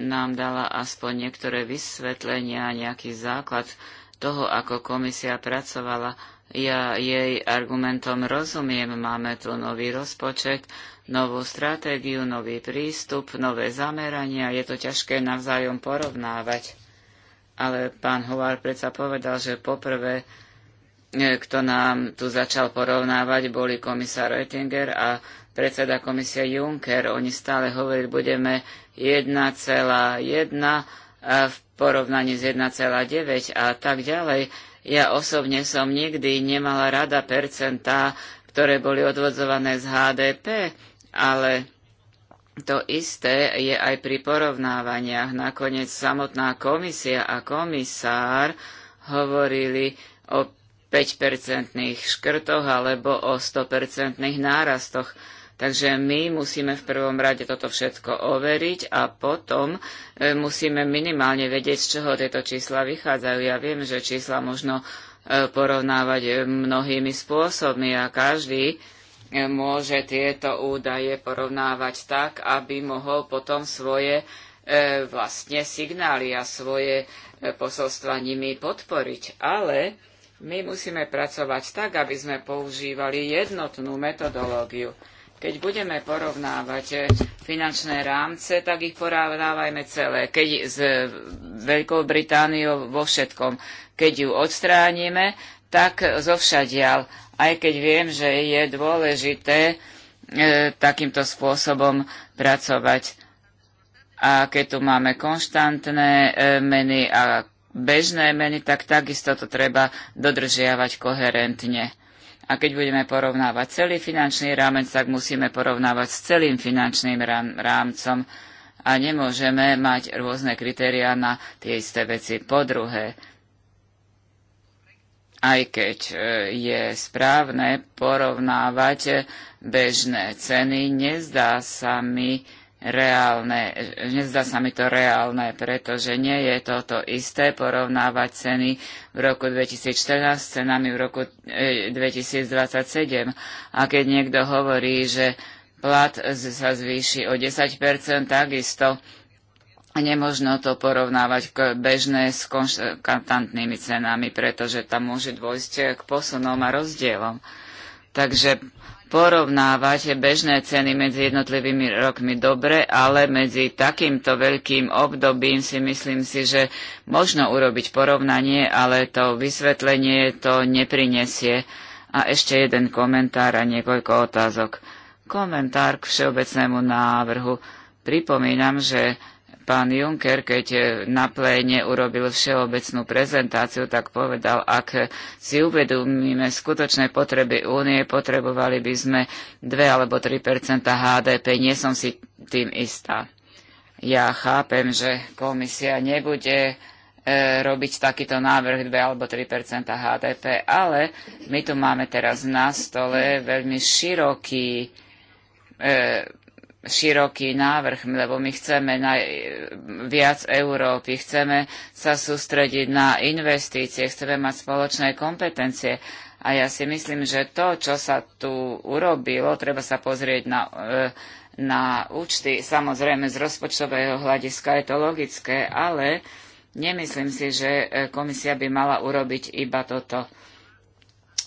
nám dala aspoň niektoré vysvetlenia, nejaký základ toho, ako komisia pracovala. Ja jej argumentom rozumiem, máme tu nový rozpočet, novú stratégiu, nový prístup, nové zamerania, je to ťažké navzájom porovnávať. Ale pán Hovár predsa povedal, že poprvé E, kto nám tu začal porovnávať, boli komisár Oettinger a predseda komisie Juncker. Oni stále hovorili, budeme 1,1 e, v porovnaní s 1,9 a tak ďalej. Ja osobne som nikdy nemala rada percentá, ktoré boli odvodzované z HDP, ale to isté je aj pri porovnávaniach. Nakoniec samotná komisia a komisár hovorili o 5-percentných škrtoch alebo o 100-percentných nárastoch. Takže my musíme v prvom rade toto všetko overiť a potom e, musíme minimálne vedieť, z čoho tieto čísla vychádzajú. Ja viem, že čísla možno e, porovnávať e, mnohými spôsobmi a každý môže tieto údaje porovnávať tak, aby mohol potom svoje vlastne signály a svoje posolstva nimi podporiť. Ale my musíme pracovať tak, aby sme používali jednotnú metodológiu. Keď budeme porovnávať eh, finančné rámce, tak ich porovnávajme celé. Keď s eh, Veľkou Britániou vo všetkom, keď ju odstránime, tak zovšadial. Aj keď viem, že je dôležité e, takýmto spôsobom pracovať. A keď tu máme konštantné e, meny a bežné meny, tak takisto to treba dodržiavať koherentne. A keď budeme porovnávať celý finančný rámec, tak musíme porovnávať s celým finančným rámcom a nemôžeme mať rôzne kritériá na tie isté veci. Po druhé, aj keď e, je správne porovnávať bežné ceny, nezdá sa mi, reálne. Nezdá sa mi to reálne, pretože nie je toto isté porovnávať ceny v roku 2014 s cenami v roku 2027. E, a keď niekto hovorí, že plat sa zvýši o 10%, takisto nemožno to porovnávať bežné s konštantnými cenami, pretože tam môže dôjsť k posunom a rozdielom. Takže porovnávať bežné ceny medzi jednotlivými rokmi dobre, ale medzi takýmto veľkým obdobím si myslím si, že možno urobiť porovnanie, ale to vysvetlenie to neprinesie. A ešte jeden komentár a niekoľko otázok. Komentár k všeobecnému návrhu. Pripomínam, že pán Juncker, keď na pléne urobil všeobecnú prezentáciu, tak povedal, ak si uvedomíme skutočné potreby únie, potrebovali by sme 2 alebo 3 HDP. Nie som si tým istá. Ja chápem, že komisia nebude e, robiť takýto návrh 2 alebo 3 HDP, ale my tu máme teraz na stole veľmi široký e, široký návrh, lebo my chceme na e, viac Európy, chceme sa sústrediť na investície, chceme mať spoločné kompetencie. A ja si myslím, že to, čo sa tu urobilo, treba sa pozrieť na, e, na účty. Samozrejme, z rozpočtového hľadiska je to logické, ale nemyslím si, že e, komisia by mala urobiť iba toto.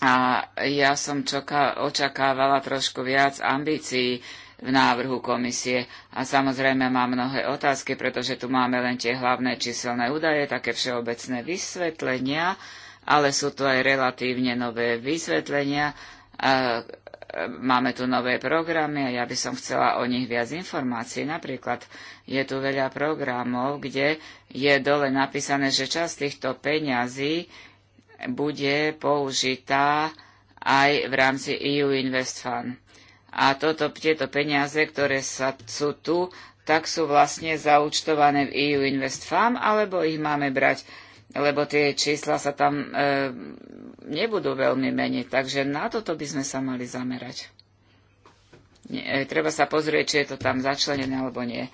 A ja som čoká, očakávala trošku viac ambícií v návrhu komisie. A samozrejme má mnohé otázky, pretože tu máme len tie hlavné číselné údaje, také všeobecné vysvetlenia, ale sú tu aj relatívne nové vysvetlenia. E, máme tu nové programy a ja by som chcela o nich viac informácií. Napríklad je tu veľa programov, kde je dole napísané, že časť týchto peňazí bude použitá aj v rámci EU Invest Fund a toto, tieto peniaze, ktoré sa, sú tu, tak sú vlastne zaúčtované v EU Invest Farm, alebo ich máme brať, lebo tie čísla sa tam e, nebudú veľmi meniť. Takže na toto by sme sa mali zamerať. Nie, e, treba sa pozrieť, či je to tam začlenené alebo nie.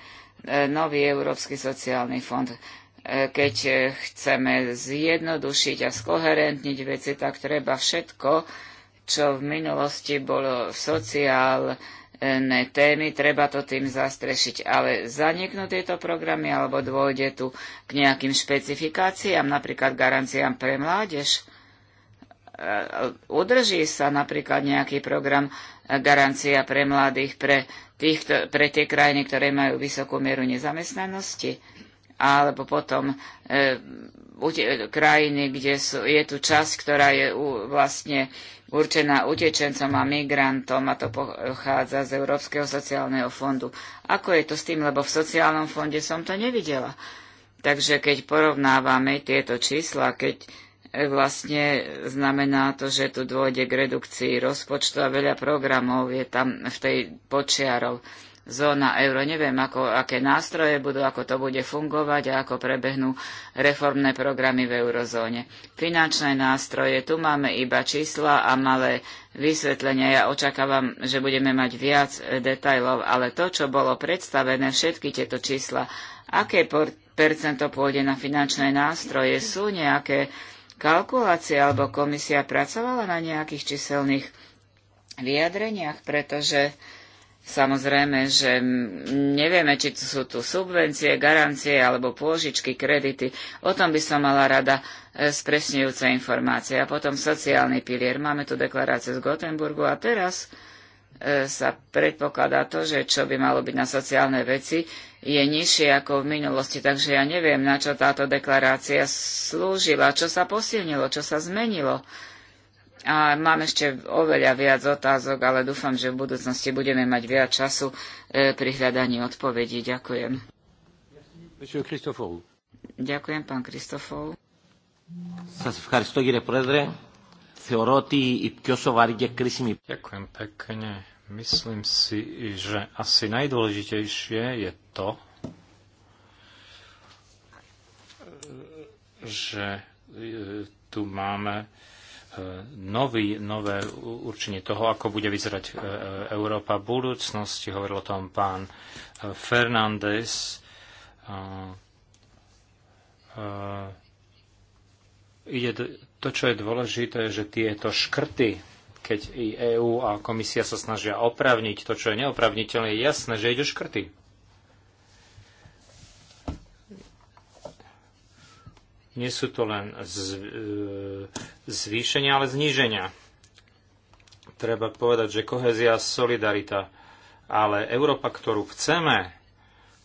E, nový Európsky sociálny fond. E, keď e, chceme zjednodušiť a skoherentniť veci, tak treba všetko, čo v minulosti bolo ne témy, treba to tým zastrešiť. Ale zaniknú tieto programy alebo dôjde tu k nejakým špecifikáciám, napríklad garanciám pre mládež? Udrží sa napríklad nejaký program garancia pre mladých, pre, tých, pre tie krajiny, ktoré majú vysokú mieru nezamestnanosti? alebo potom e, krajiny, kde sú, je tu časť, ktorá je u, vlastne určená utečencom a migrantom a to pochádza z Európskeho sociálneho fondu. Ako je to s tým, lebo v sociálnom fonde som to nevidela. Takže keď porovnávame tieto čísla, keď e, vlastne znamená to, že tu dôjde k redukcii rozpočtu a veľa programov je tam v tej počiarov zóna euro. Neviem, ako, aké nástroje budú, ako to bude fungovať a ako prebehnú reformné programy v eurozóne. Finančné nástroje, tu máme iba čísla a malé vysvetlenia. Ja očakávam, že budeme mať viac detajlov, ale to, čo bolo predstavené, všetky tieto čísla, aké percento pôjde na finančné nástroje, sú nejaké kalkulácie alebo komisia pracovala na nejakých číselných vyjadreniach, pretože Samozrejme, že nevieme, či sú tu subvencie, garancie alebo pôžičky, kredity. O tom by som mala rada e, spresňujúce informácie. A potom sociálny pilier. Máme tu deklaráciu z Gotemburgu a teraz e, sa predpokladá to, že čo by malo byť na sociálne veci, je nižšie ako v minulosti. Takže ja neviem, na čo táto deklarácia slúžila, čo sa posilnilo, čo sa zmenilo. A mám ešte oveľa viac otázok, ale dúfam, že v budúcnosti budeme mať viac času e, pri hľadaní odpovedí. Ďakujem. Ďakujem, pán Kristofov. Ďakujem pekne. Myslím si, že asi najdôležitejšie je to, že e, tu máme nový, nové určenie toho, ako bude vyzerať e, e, Európa v budúcnosti. Hovoril o tom pán e, Fernández. Ide to, čo je dôležité, že tieto škrty, keď i EÚ a komisia sa snažia opravniť to, čo je neopravniteľné, je jasné, že ide škrty. nie sú to len e, zvýšenia, ale zníženia. Treba povedať, že kohezia, solidarita, ale Európa, ktorú chceme,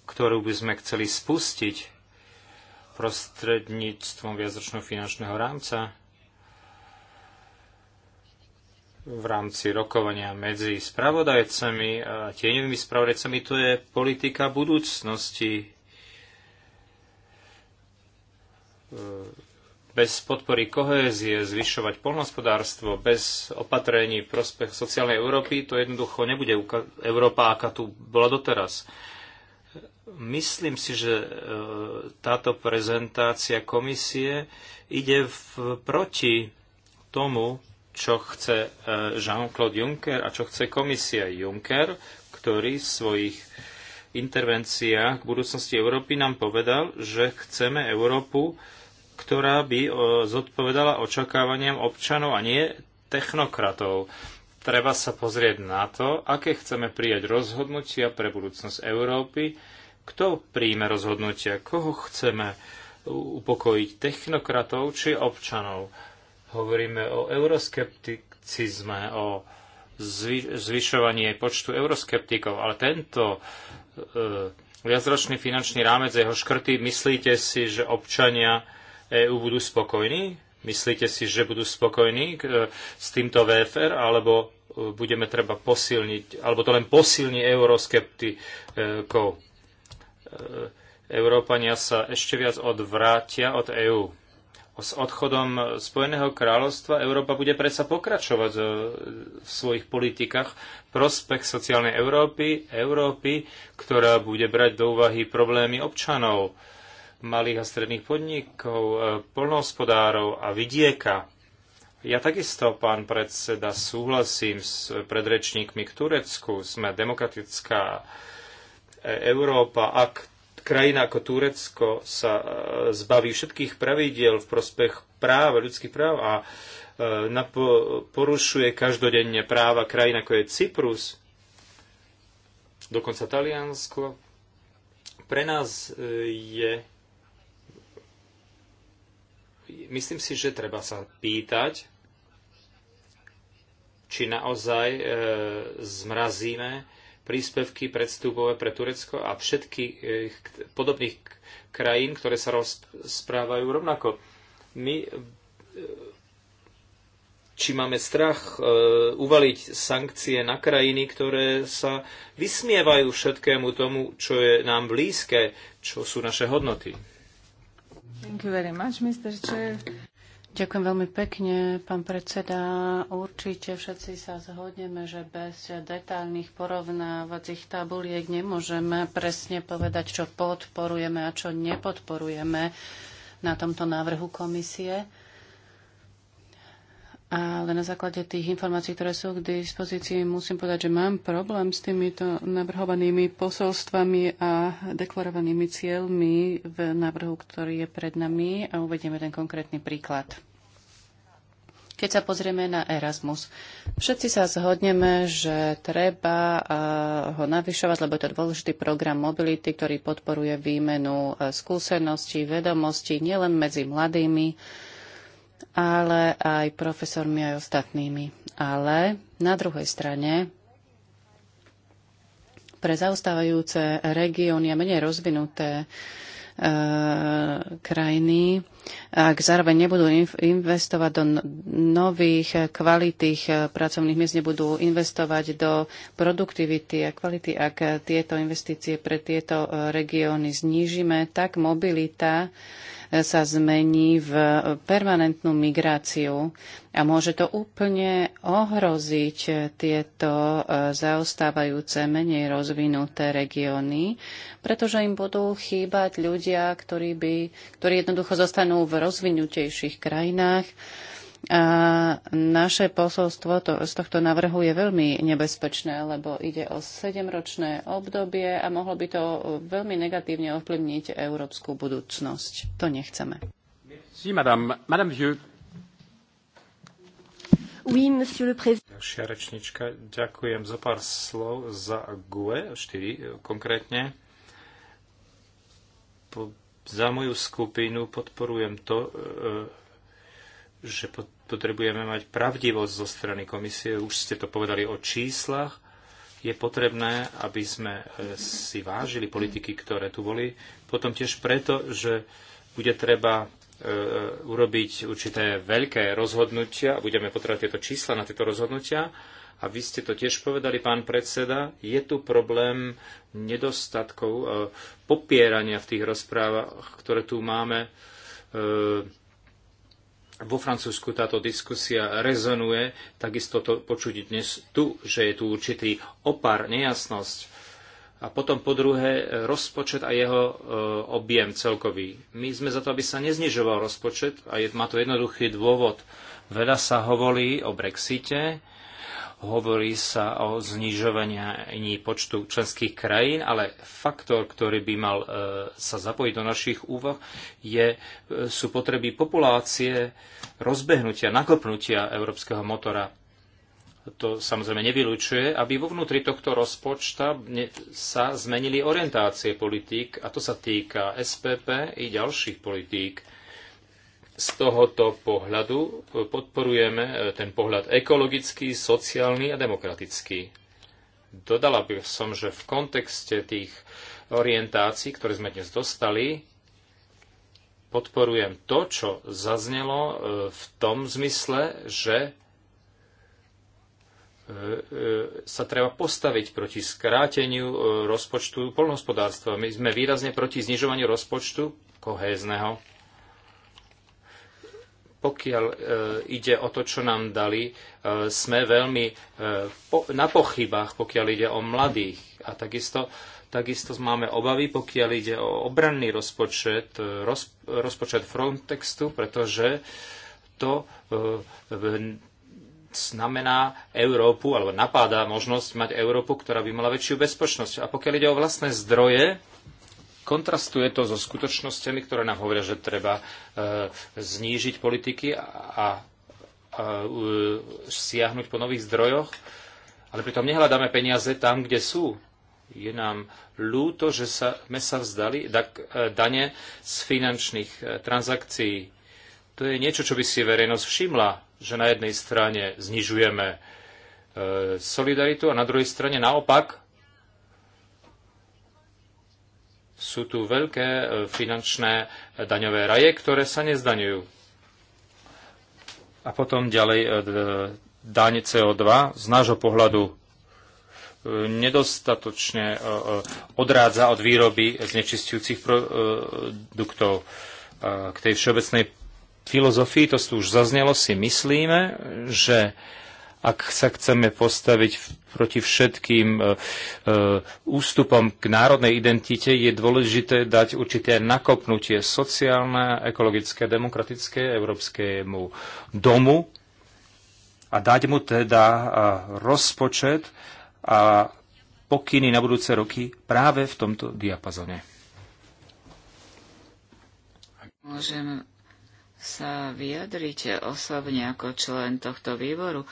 ktorú by sme chceli spustiť prostredníctvom viacročného finančného rámca, v rámci rokovania medzi spravodajcami a tieňovými spravodajcami, to je politika budúcnosti bez podpory kohézie zvyšovať poľnohospodárstvo, bez opatrení prospech sociálnej Európy, to jednoducho nebude Európa, aká tu bola doteraz. Myslím si, že e, táto prezentácia komisie ide v, proti tomu, čo chce e, Jean-Claude Juncker a čo chce komisia Juncker, ktorý v svojich intervenciách k budúcnosti Európy nám povedal, že chceme Európu ktorá by zodpovedala očakávaniam občanov a nie technokratov. Treba sa pozrieť na to, aké chceme prijať rozhodnutia pre budúcnosť Európy, kto príjme rozhodnutia, koho chceme upokojiť, technokratov či občanov. Hovoríme o euroskepticizme, o zvy, zvyšovanie počtu euroskeptikov, ale tento e, viacročný finančný rámec jeho škrty, myslíte si, že občania EÚ budú spokojní? Myslíte si, že budú spokojní e, s týmto VFR, alebo e, budeme treba posilniť, alebo to len posilní euroskeptikov? E, Európania sa ešte viac odvrátia od EÚ. S odchodom Spojeného kráľovstva Európa bude predsa pokračovať v svojich politikách prospech sociálnej Európy, Európy, ktorá bude brať do úvahy problémy občanov, malých a stredných podnikov, e, polnohospodárov a vidieka. Ja takisto, pán predseda, súhlasím s predrečníkmi k Turecku. Sme demokratická e, Európa. Ak krajina ako Turecko sa e, zbaví všetkých pravidiel v prospech práv, ľudských práv a porušuje každodenne práva krajín ako je Cyprus, dokonca Taliansko, pre nás je Myslím si, že treba sa pýtať, či naozaj e, zmrazíme príspevky predstupové pre Turecko a všetkých e, podobných krajín, ktoré sa rozprávajú rovnako. My, e, či máme strach e, uvaliť sankcie na krajiny, ktoré sa vysmievajú všetkému tomu, čo je nám blízke, čo sú naše hodnoty. Much, Ďakujem veľmi pekne, pán predseda. Určite všetci sa zhodneme, že bez detálnych porovnávacích tabuliek nemôžeme presne povedať, čo podporujeme a čo nepodporujeme na tomto návrhu komisie. Ale na základe tých informácií, ktoré sú k dispozícii, musím povedať, že mám problém s týmito navrhovanými posolstvami a deklarovanými cieľmi v návrhu, ktorý je pred nami a uvediem jeden konkrétny príklad. Keď sa pozrieme na Erasmus, všetci sa zhodneme, že treba eh, ho navyšovať, lebo je to dôležitý program mobility, ktorý podporuje výmenu eh, skúseností, vedomostí nielen medzi mladými, ale aj profesormi, aj ostatnými. Ale na druhej strane pre zaostávajúce regióny a menej rozvinuté e, krajiny, ak zároveň nebudú investovať do nových kvalitých e, pracovných miest, nebudú investovať do produktivity a kvality, ak tieto investície pre tieto e, regióny znížime, tak mobilita sa zmení v permanentnú migráciu a môže to úplne ohroziť tieto e, zaostávajúce, menej rozvinuté regióny, pretože im budú chýbať ľudia, ktorí, by, ktorí jednoducho zostanú v rozvinutejších krajinách naše posolstvo to, z tohto návrhu je veľmi nebezpečné, lebo ide o sedemročné obdobie a mohlo by to veľmi negatívne ovplyvniť európsku budúcnosť. To nechceme. Merci, madame. Madame Vieux. Oui, monsieur le président. Ďalšia rečnička, ďakujem za pár slov za GUE, 4 konkrétne. Po, za moju skupinu podporujem to, e, že pod, potrebujeme mať pravdivosť zo strany komisie, už ste to povedali o číslach, je potrebné, aby sme e, si vážili politiky, ktoré tu boli. Potom tiež preto, že bude treba e, e, urobiť určité veľké rozhodnutia, a budeme potrebovať tieto čísla na tieto rozhodnutia. A vy ste to tiež povedali, pán predseda, je tu problém nedostatkov popierania v tých rozprávach, ktoré tu máme vo Francúzsku táto diskusia rezonuje, takisto to počuť dnes tu, že je tu určitý opar, nejasnosť. A potom po druhé rozpočet a jeho e, objem celkový. My sme za to, aby sa neznižoval rozpočet a je, má to jednoduchý dôvod. Veľa sa hovorí o Brexite, Hovorí sa o znižovaní počtu členských krajín, ale faktor, ktorý by mal e, sa zapojiť do našich úvah, je, e, sú potreby populácie rozbehnutia, nakopnutia európskeho motora to samozrejme nevylučuje, aby vo vnútri tohto rozpočta sa zmenili orientácie politík, a to sa týka SPP i ďalších politík z tohoto pohľadu e, podporujeme e, ten pohľad ekologický, sociálny a demokratický. Dodala by som, že v kontexte tých orientácií, ktoré sme dnes dostali, podporujem to, čo zaznelo e, v tom zmysle, že sa treba postaviť proti skráteniu rozpočtu polnohospodárstva. My sme výrazne proti znižovaniu rozpočtu kohézneho pokiaľ e, ide o to, čo nám dali, e, sme veľmi e, na pochybách, pokiaľ ide o mladých. A takisto, takisto máme obavy, pokiaľ ide o obranný rozpočet, roz, rozpočet Frontextu, pretože to znamená Európu, alebo napáda možnosť mať Európu, ktorá by mala väčšiu bezpečnosť. A pokiaľ ide o vlastné zdroje, Kontrastuje to so skutočnosťami, ktoré nám hovoria, že treba e, znížiť politiky a, e, siahnuť po nových zdrojoch, ale pritom nehľadáme peniaze tam, kde sú. Je nám ľúto, že sa, sme sa vzdali e, dane z finančných transakcií. To je niečo, čo by si verejnosť všimla, že na jednej strane znižujeme solidaritu a na druhej strane naopak sú tu veľké e, finančné e, daňové raje, ktoré sa nezdaňujú. A potom ďalej e, daň CO2 z nášho pohľadu nedostatočne odrádza od výroby znečistujúcich produktov. K tej všeobecnej filozofii, to tu už zaznelo, si myslíme, že ak sa chceme postaviť proti všetkým e, e, ústupom k národnej identite, je dôležité dať určité nakopnutie sociálne, ekologické, demokratické európskemu domu a dať mu teda e, rozpočet a pokyny na budúce roky práve v tomto diapazone. Môžem sa vyjadriť osobne ako člen tohto výboru.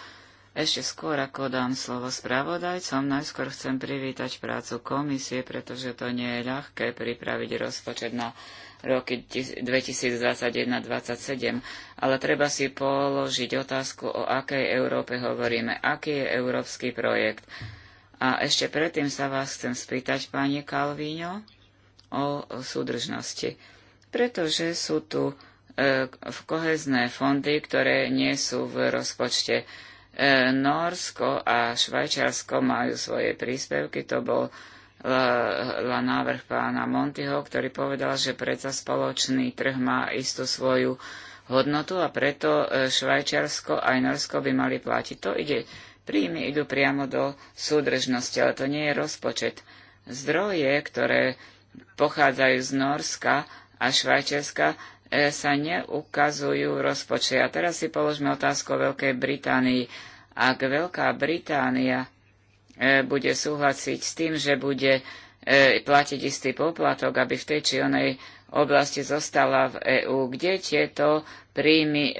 Ešte skôr, ako dám slovo spravodajcom, najskôr chcem privítať prácu komisie, pretože to nie je ľahké pripraviť rozpočet na roky 2021-2027, ale treba si položiť otázku, o akej Európe hovoríme, aký je európsky projekt. A ešte predtým sa vás chcem spýtať, pani Kalvíňo, o súdržnosti. Pretože sú tu e, kohezné fondy, ktoré nie sú v rozpočte E, Norsko a Švajčiarsko majú svoje príspevky. To bol na e, návrh pána Montyho, ktorý povedal, že predsa spoločný trh má istú svoju hodnotu a preto e, Švajčiarsko aj Norsko by mali platiť. To ide, príjmy idú priamo do súdržnosti, ale to nie je rozpočet. Zdroje, ktoré pochádzajú z Norska a Švajčiarska, E, sa neukazujú v rozpočte. A teraz si položme otázku o Veľkej Británii. Ak Veľká Británia e, bude súhlasiť s tým, že bude e, platiť istý poplatok, aby v tej či onej oblasti zostala v EÚ, kde tieto príjmy,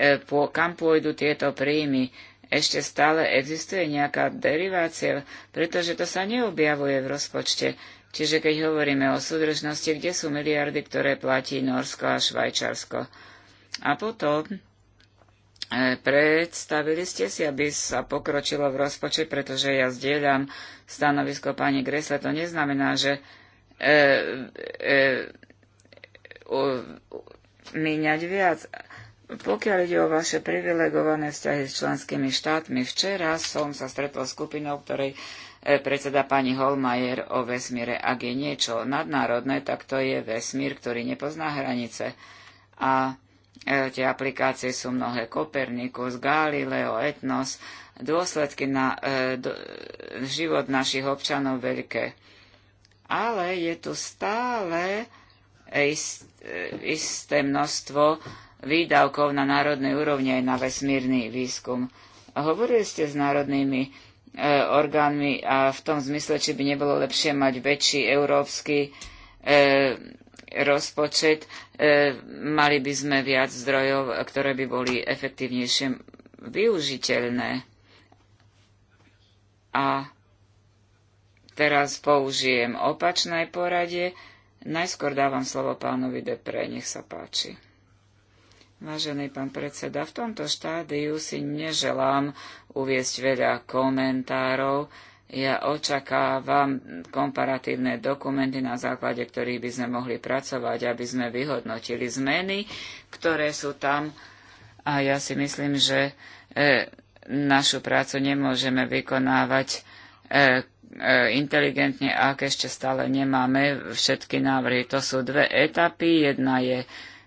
kam pôjdu tieto príjmy, ešte stále existuje nejaká derivácia, pretože to sa neobjavuje v rozpočte. Čiže keď hovoríme o súdržnosti, kde sú miliardy, ktoré platí Norsko a Švajčarsko? A potom e, predstavili ste si, aby sa pokročilo v rozpočet, pretože ja zdieľam stanovisko pani Gresle. To neznamená, že e, e, u, míňať viac. Pokiaľ ide o vaše privilegované vzťahy s členskými štátmi, včera som sa stretol skupinou, ktorej predseda pani Holmajer o vesmíre. Ak je niečo nadnárodné, tak to je vesmír, ktorý nepozná hranice. A e, tie aplikácie sú mnohé. Kopernikus, Galileo, Etnos. Dôsledky na e, život našich občanov veľké. Ale je tu stále e, isté množstvo výdavkov na národnej úrovni aj na vesmírny výskum. Hovorili ste s národnými E, orgánmi a v tom zmysle, či by nebolo lepšie mať väčší európsky e, rozpočet, e, mali by sme viac zdrojov, ktoré by boli efektívnejšie využiteľné. A teraz použijem opačné poradie. Najskôr dávam slovo pánovi Depre, nech sa páči. Vážený pán predseda, v tomto štádiu si neželám uviesť veľa komentárov. Ja očakávam komparatívne dokumenty, na základe ktorých by sme mohli pracovať, aby sme vyhodnotili zmeny, ktoré sú tam. A ja si myslím, že e, našu prácu nemôžeme vykonávať e, e inteligentne, ak ešte stále nemáme všetky návrhy. To sú dve etapy. Jedna je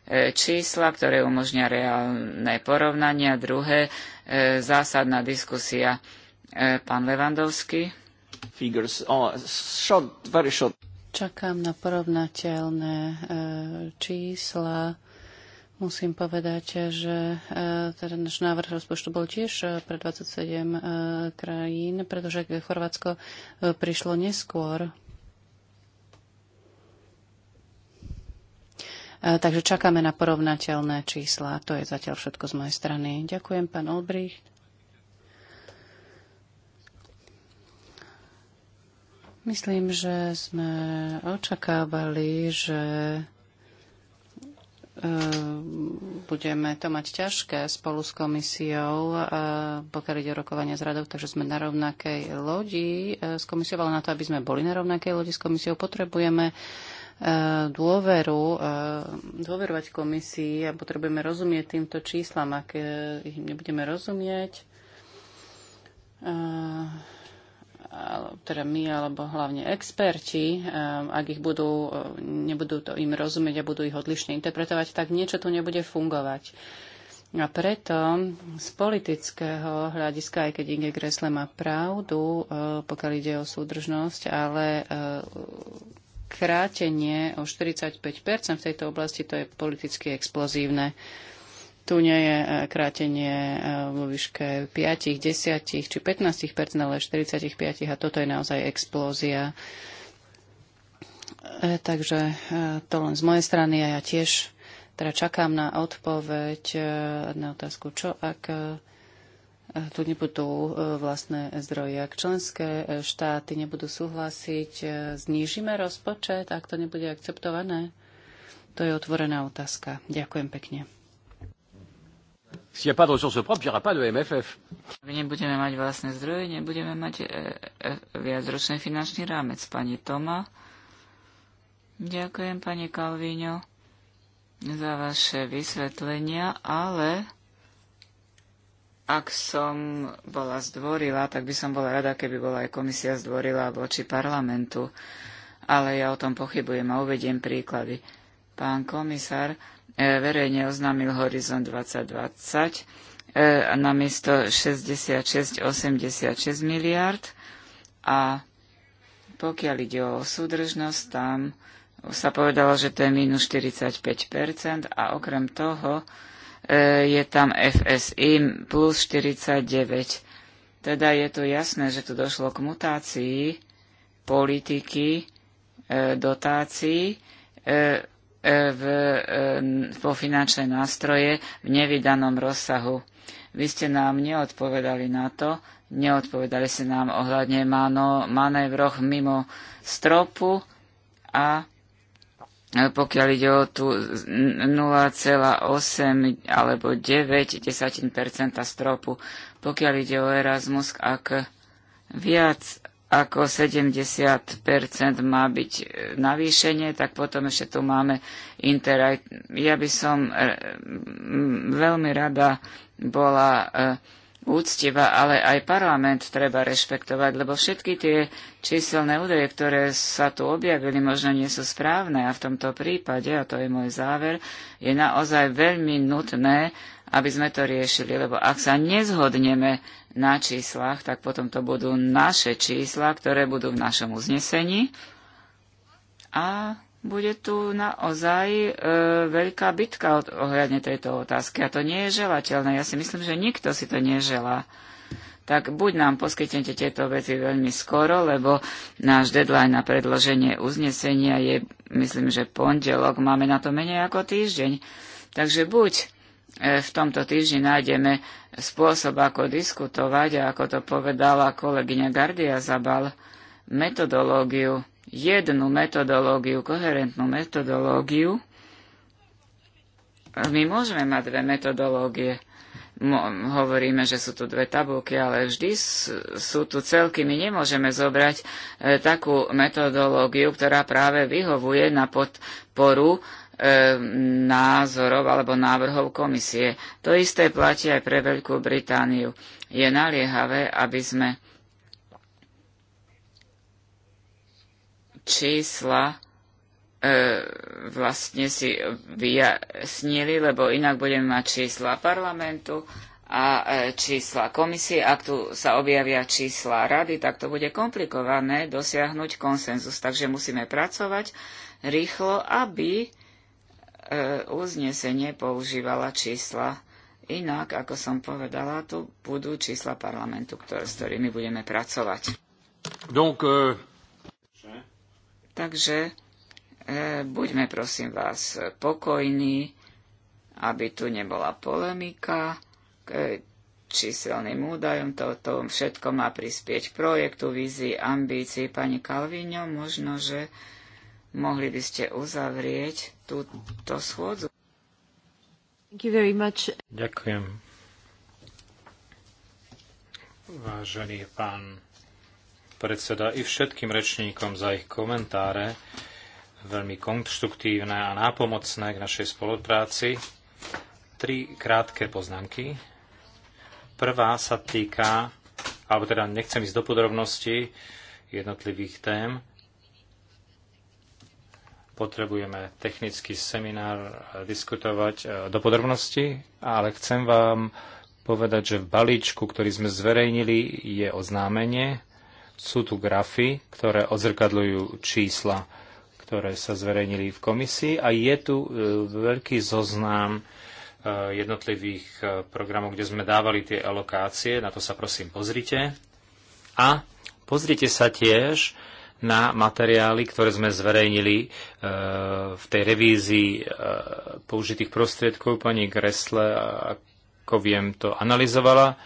E, čísla, ktoré umožňa reálne porovnania. Druhé, e, zásadná diskusia. E, pán Levandovský. Čakám na porovnateľné čísla. Musím povedať, že teda náš návrh rozpočtu bol tiež pre 27 krajín, pretože Chorvátsko prišlo neskôr E, takže čakáme na porovnateľné čísla. To je zatiaľ všetko z mojej strany. Ďakujem, pán Olbricht. Myslím, že sme očakávali, že e, budeme to mať ťažké spolu s komisiou, e, pokiaľ ide o rokovania s radou, takže sme na rovnakej lodi s komisiou, ale na to, aby sme boli na rovnakej lodi s komisiou, potrebujeme E, dôveru, e, dôverovať komisii a potrebujeme rozumieť týmto číslam. Ak e, ich nebudeme rozumieť, teda my alebo hlavne experti, ak ich budú, nebudú to im rozumieť a budú ich odlišne interpretovať, tak niečo tu nebude fungovať. A preto z politického hľadiska, aj keď Inge Gressle má pravdu, pokiaľ ide o súdržnosť, ale krátenie o 45 v tejto oblasti, to je politicky explozívne. Tu nie je e, krátenie e, vo výške 5, 10 či 15 ale 45 a toto je naozaj explózia. E, takže to len z mojej strany a ja tiež teda čakám na odpoveď na otázku, čo ak tu nebudú e, vlastné zdroje. Ak členské e, štáty nebudú súhlasiť, e, znížime rozpočet, ak to nebude akceptované? To je otvorená otázka. Ďakujem pekne. S'il n'y a pas de ressources propres, il n'y aura pas de MFF. My nebudeme mať vlastné zdroje, nebudeme mať e, e, viacročný finančný rámec. Pani Toma, ďakujem pani Kalvíňo za vaše vysvetlenia, ale ak som bola zdvorila, tak by som bola rada, keby bola aj komisia zdvorila voči parlamentu. Ale ja o tom pochybujem a uvediem príklady. Pán komisár e, verejne oznámil Horizon 2020 e, na miesto 66-86 miliard a pokiaľ ide o súdržnosť, tam sa povedalo, že to je minus 45% a okrem toho E, je tam FSI plus 49. Teda je tu jasné, že tu došlo k mutácii politiky e, dotácií e, v, finančné nástroje v nevydanom rozsahu. Vy ste nám neodpovedali na to, neodpovedali ste nám ohľadne manévroch mimo stropu a pokiaľ ide o tú 0,8 alebo 9 desatín percenta stropu. Pokiaľ ide o Erasmus, ak viac ako 70 má byť e, navýšenie, tak potom ešte tu máme Interreg. Ja by som e, veľmi rada bola e, úctiva, ale aj parlament treba rešpektovať, lebo všetky tie číselné údaje, ktoré sa tu objavili, možno nie sú správne a v tomto prípade, a to je môj záver, je naozaj veľmi nutné, aby sme to riešili, lebo ak sa nezhodneme na číslach, tak potom to budú naše čísla, ktoré budú v našom uznesení a bude tu naozaj e, veľká bitka ohľadne tejto otázky a to nie je želateľné. Ja si myslím, že nikto si to neželá. Tak buď nám poskytnete tieto veci veľmi skoro, lebo náš deadline na predloženie uznesenia je, myslím, že pondelok, máme na to menej ako týždeň. Takže buď e, v tomto týždni nájdeme spôsob, ako diskutovať a ako to povedala kolegyňa Gardia Zabal, metodológiu jednu metodológiu, koherentnú metodológiu, my môžeme mať dve metodológie. Mo- hovoríme, že sú tu dve tabulky, ale vždy sú tu celky. My nemôžeme zobrať e, takú metodológiu, ktorá práve vyhovuje na podporu e, názorov alebo návrhov komisie. To isté platí aj pre Veľkú Britániu. Je naliehavé, aby sme čísla e, vlastne si vyjasnili, lebo inak budeme mať čísla parlamentu a e, čísla komisie. Ak tu sa objavia čísla rady, tak to bude komplikované dosiahnuť konsenzus. Takže musíme pracovať rýchlo, aby e, uznesenie používala čísla. Inak, ako som povedala, tu budú čísla parlamentu, ktoré, s ktorými budeme pracovať. Donc, euh... Takže e, buďme prosím vás pokojní, aby tu nebola polemika k e, číselným údajom. To, to všetko má prispieť k projektu, vízii, ambícii. Pani Kalvíňo, možno, že mohli by ste uzavrieť túto schôdzu. Ďakujem. Vážený pán predseda, i všetkým rečníkom za ich komentáre, veľmi konštruktívne a nápomocné k našej spolupráci. Tri krátke poznámky. Prvá sa týka, alebo teda nechcem ísť do podrobností jednotlivých tém, potrebujeme technický seminár diskutovať e, do podrobností, ale chcem vám povedať, že v balíčku, ktorý sme zverejnili, je oznámenie sú tu grafy, ktoré odzrkadľujú čísla, ktoré sa zverejnili v komisii a je tu e, veľký zoznam e, jednotlivých e, programov, kde sme dávali tie alokácie, na to sa prosím pozrite. A pozrite sa tiež na materiály, ktoré sme zverejnili v tej revízii použitých prostriedkov. Pani Gresle, ako viem, to analyzovala.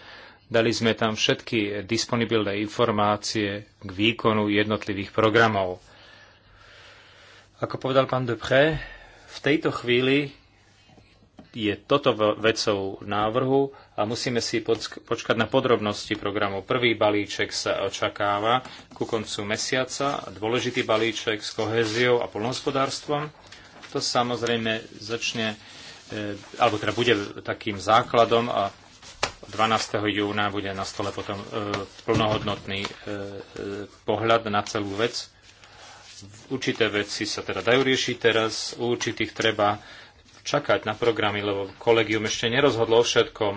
Dali sme tam všetky disponibilné informácie k výkonu jednotlivých programov. Ako povedal pán Dupré, v tejto chvíli je toto vecou návrhu a musíme si počkať na podrobnosti programu. Prvý balíček sa očakáva ku koncu mesiaca, dôležitý balíček s kohéziou a polnohospodárstvom. To samozrejme začne, eh, alebo teda bude takým základom a 12. júna bude na stole potom e, plnohodnotný e, e, pohľad na celú vec. Určité veci sa teda dajú riešiť teraz, u určitých treba čakať na programy, lebo kolegium ešte nerozhodlo o všetkom.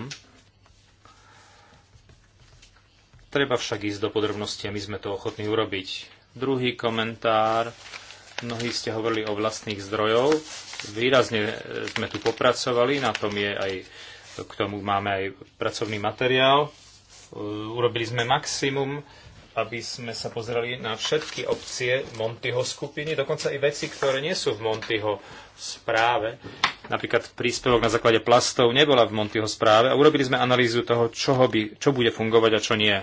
Treba však ísť do podrobnosti a my sme to ochotní urobiť. Druhý komentár. Mnohí ste hovorili o vlastných zdrojov. Výrazne sme tu popracovali, na tom je aj k tomu máme aj pracovný materiál. E, urobili sme maximum, aby sme sa pozreli na všetky opcie Montyho skupiny, dokonca i veci, ktoré nie sú v Montyho správe. Napríklad príspevok na základe plastov nebola v Montyho správe a urobili sme analýzu toho, čoho by, čo bude fungovať a čo nie.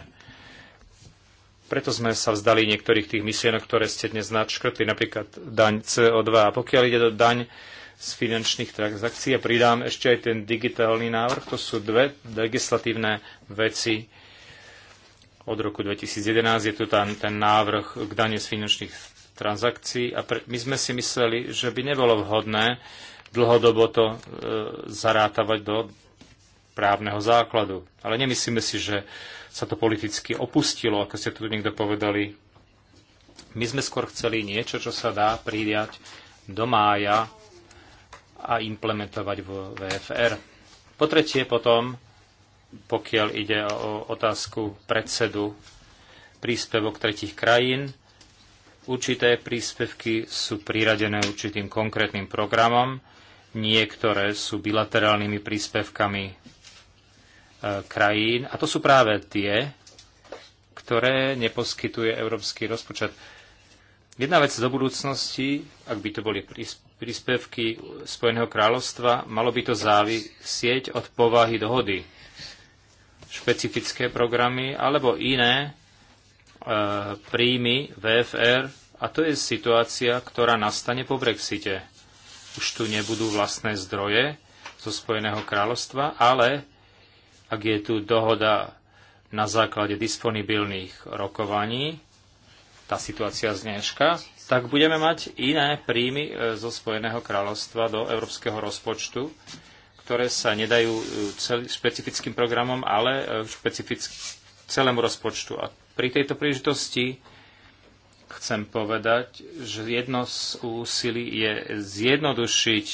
Preto sme sa vzdali niektorých tých myšlienok, ktoré ste dnes načkrtli, napríklad daň CO2. A pokiaľ ide do daň z finančných transakcií. A pridám ešte aj ten digitálny návrh. To sú dve legislatívne veci. Od roku 2011 je tu tam ten návrh k dane z finančných transakcií a pre, my sme si mysleli, že by nebolo vhodné dlhodobo to e, zarátavať do právneho základu. Ale nemyslíme si, že sa to politicky opustilo, ako ste tu niekto povedali. My sme skôr chceli niečo, čo sa dá pridať do mája a implementovať v VFR. Po tretie potom, pokiaľ ide o otázku predsedu, príspevok tretich krajín, určité príspevky sú priradené určitým konkrétnym programom, niektoré sú bilaterálnymi príspevkami e, krajín a to sú práve tie, ktoré neposkytuje európsky rozpočet. Jedna vec do budúcnosti, ak by to boli príspevky Spojeného kráľovstva, malo by to závisieť od povahy dohody. Špecifické programy alebo iné e, príjmy VFR a to je situácia, ktorá nastane po Brexite. Už tu nebudú vlastné zdroje zo Spojeného kráľovstva, ale ak je tu dohoda na základe disponibilných rokovaní, tá situácia z dneška, tak budeme mať iné príjmy e, zo Spojeného kráľovstva do európskeho rozpočtu, ktoré sa nedajú e, celý, špecifickým programom, ale e, špecifick, celému rozpočtu. A pri tejto príležitosti chcem povedať, že jedno z úsilí je zjednodušiť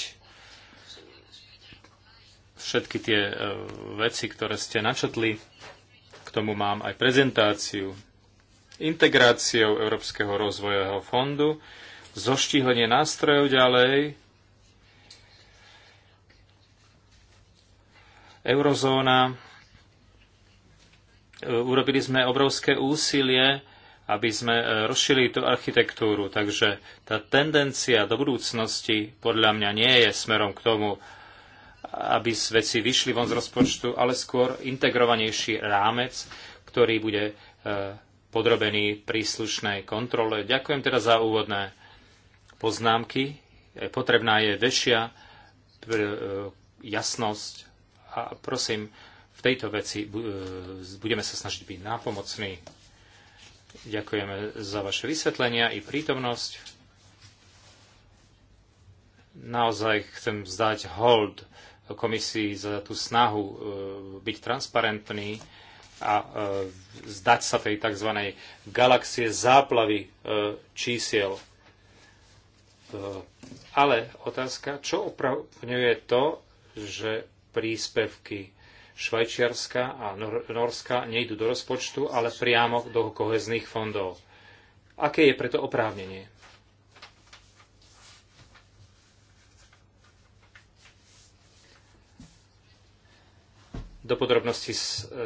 všetky tie veci, ktoré ste načetli. K tomu mám aj prezentáciu integráciou Európskeho rozvojového fondu, zoštíhlenie nástrojov ďalej, eurozóna. E, urobili sme obrovské úsilie, aby sme e, rozšili tú architektúru. Takže tá tendencia do budúcnosti podľa mňa nie je smerom k tomu, aby veci vyšli von z rozpočtu, ale skôr integrovanejší rámec, ktorý bude e, Podrobený príslušnej kontrole. Ďakujem teda za úvodné poznámky. Potrebná je väčšia e, jasnosť a prosím, v tejto veci e, budeme sa snažiť byť nápomocní. Ďakujeme za vaše vysvetlenia i prítomnosť. Naozaj chcem vzdať hold komisii za tú snahu e, byť transparentný a e, zdať sa tej tzv. galaxie záplavy e, čísiel. E, ale otázka, čo opravňuje to, že príspevky Švajčiarska a Norska nejdú do rozpočtu, ale priamo do kohezných fondov. Aké je preto oprávnenie? Do podrobnosti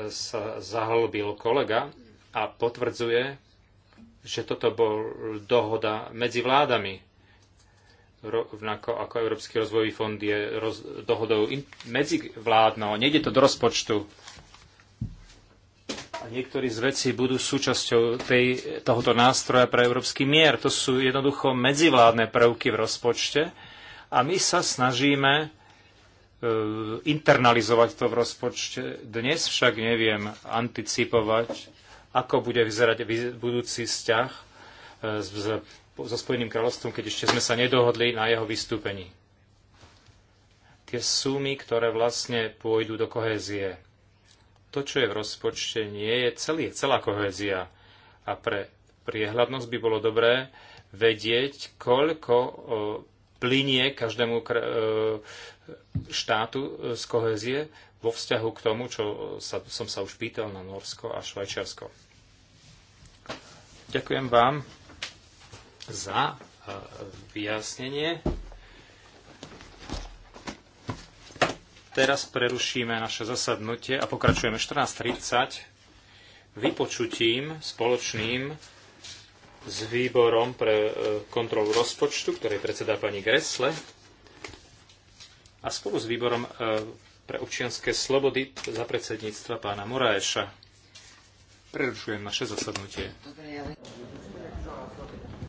sa zahlbil kolega a potvrdzuje, že toto bol dohoda medzi vládami, rovnako ako Európsky rozvojový fond je roz, dohodou in, vládnou. Nejde to do rozpočtu. A niektorí z vecí budú súčasťou tej, tohoto nástroja pre európsky mier. To sú jednoducho medzivládne prvky v rozpočte. A my sa snažíme E, internalizovať to v rozpočte. Dnes však neviem anticipovať, ako bude vyzerať budúci vzťah e, so Spojeným kráľovstvom, keď ešte sme sa nedohodli na jeho vystúpení. Tie sumy, ktoré vlastne pôjdu do kohézie. To, čo je v rozpočte, nie je celý, celá kohézia. A pre priehľadnosť by bolo dobré vedieť, koľko e, plinie každému e, štátu e, z kohezie vo vzťahu k tomu, čo sa, som sa už pýtal na Norsko a Švajčiarsko. Ďakujem vám za e, vyjasnenie. Teraz prerušíme naše zasadnutie a pokračujeme 14.30 vypočutím spoločným s výborom pre e, kontrolu rozpočtu, ktorej predsedá pani Gresle, a spolu s výborom e, pre občianské slobody za predsedníctva pána Moraeša. Prerušujem naše zasadnutie. Dobre,